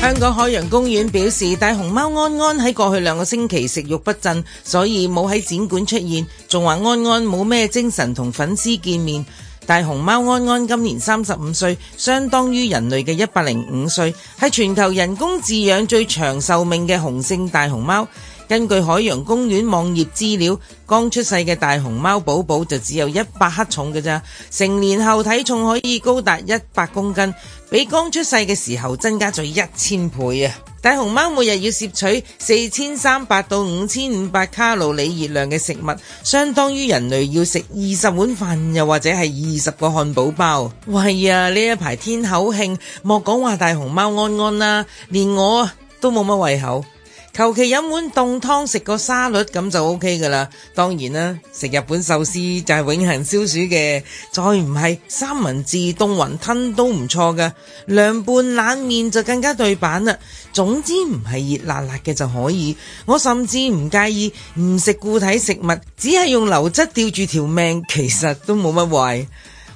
香港海洋公園表示，大熊貓安安喺過去兩個星期食欲不振，所以冇喺展館出現，仲話安安冇咩精神同粉絲見面。大熊貓安安今年三十五歲，相當於人類嘅一百零五歲，係全球人工飼養最長壽命嘅雄性大熊貓。根據海洋公園網頁資料，剛出世嘅大熊貓寶寶就只有一百克重嘅咋，成年後體重可以高達一百公斤，比剛出世嘅時候增加咗一千倍啊！大熊貓每日要攝取四千三百到五千五百卡路里熱量嘅食物，相當於人類要食二十碗飯，又或者係二十個漢堡包。喂呀，呢一排天口慶，莫講話大熊貓安安啦，連我都冇乜胃口。求其飲碗凍湯，食個沙律咁就 OK 噶啦。當然啦，食日本壽司就係永恆消暑嘅，再唔係三文治、凍雲吞都唔錯噶。涼拌冷麵就更加對版啦。總之唔係熱辣辣嘅就可以。我甚至唔介意唔食固體食物，只係用流質吊住條命，其實都冇乜壞。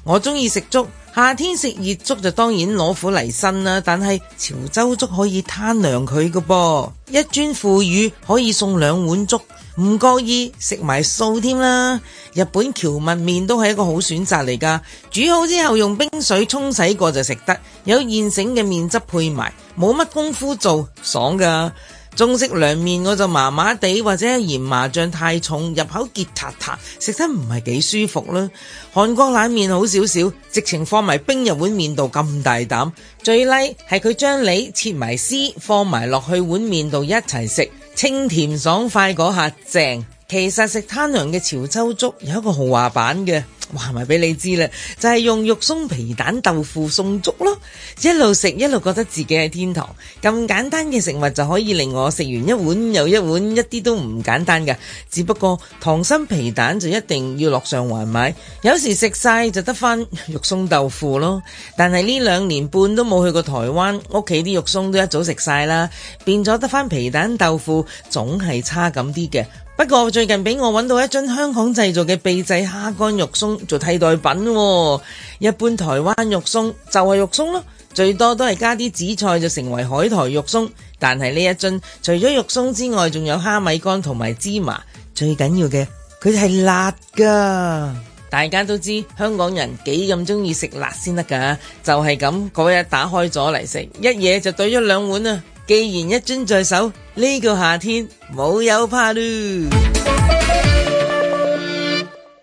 我鍾意食粥。夏天食熱粥就當然攞苦嚟辛啦，但係潮州粥可以攤涼佢嘅噃，一樽腐乳可以送兩碗粥，唔覺意食埋素添啦。日本蕎麥麵都係一個好選擇嚟噶，煮好之後用冰水沖洗過就食得，有現成嘅麵汁配埋，冇乜功夫做，爽噶。中式涼麵我就麻麻地，或者嫌麻醬太重，入口結塌塌，食得唔係幾舒服啦。韓國冷麵好少少，直情放埋冰入碗面度咁大膽，最叻係佢將梨切埋絲，放埋落去碗面度一齊食，清甜爽快嗰下正。其實食灘羊嘅潮州粥有一個豪華版嘅，話埋俾你知啦，就係用肉鬆、皮蛋、豆腐餸粥咯。一路食一路覺得自己喺天堂，咁簡單嘅食物就可以令我食完一碗又一碗，一啲都唔簡單噶。只不過溏心皮蛋就一定要落上環買，有時食晒，就得返肉鬆豆腐咯。但係呢兩年半都冇去過台灣，屋企啲肉鬆都一早食晒啦，變咗得返皮蛋豆腐，總係差咁啲嘅。不過最近俾我揾到一樽香港製造嘅秘製蝦乾肉鬆做替代品啊，一般台灣肉鬆就係肉鬆咯，最多都係加啲紫菜就成為海苔肉鬆。但係呢一樽除咗肉鬆之外，仲有蝦米乾同埋芝麻，最緊要嘅佢係辣噶。大家都知香港人幾咁鍾意食辣先得噶，就係咁嗰日打開咗嚟食，一嘢就隊咗兩碗啊！既然一樽在手，呢個夏天冇有怕嚕。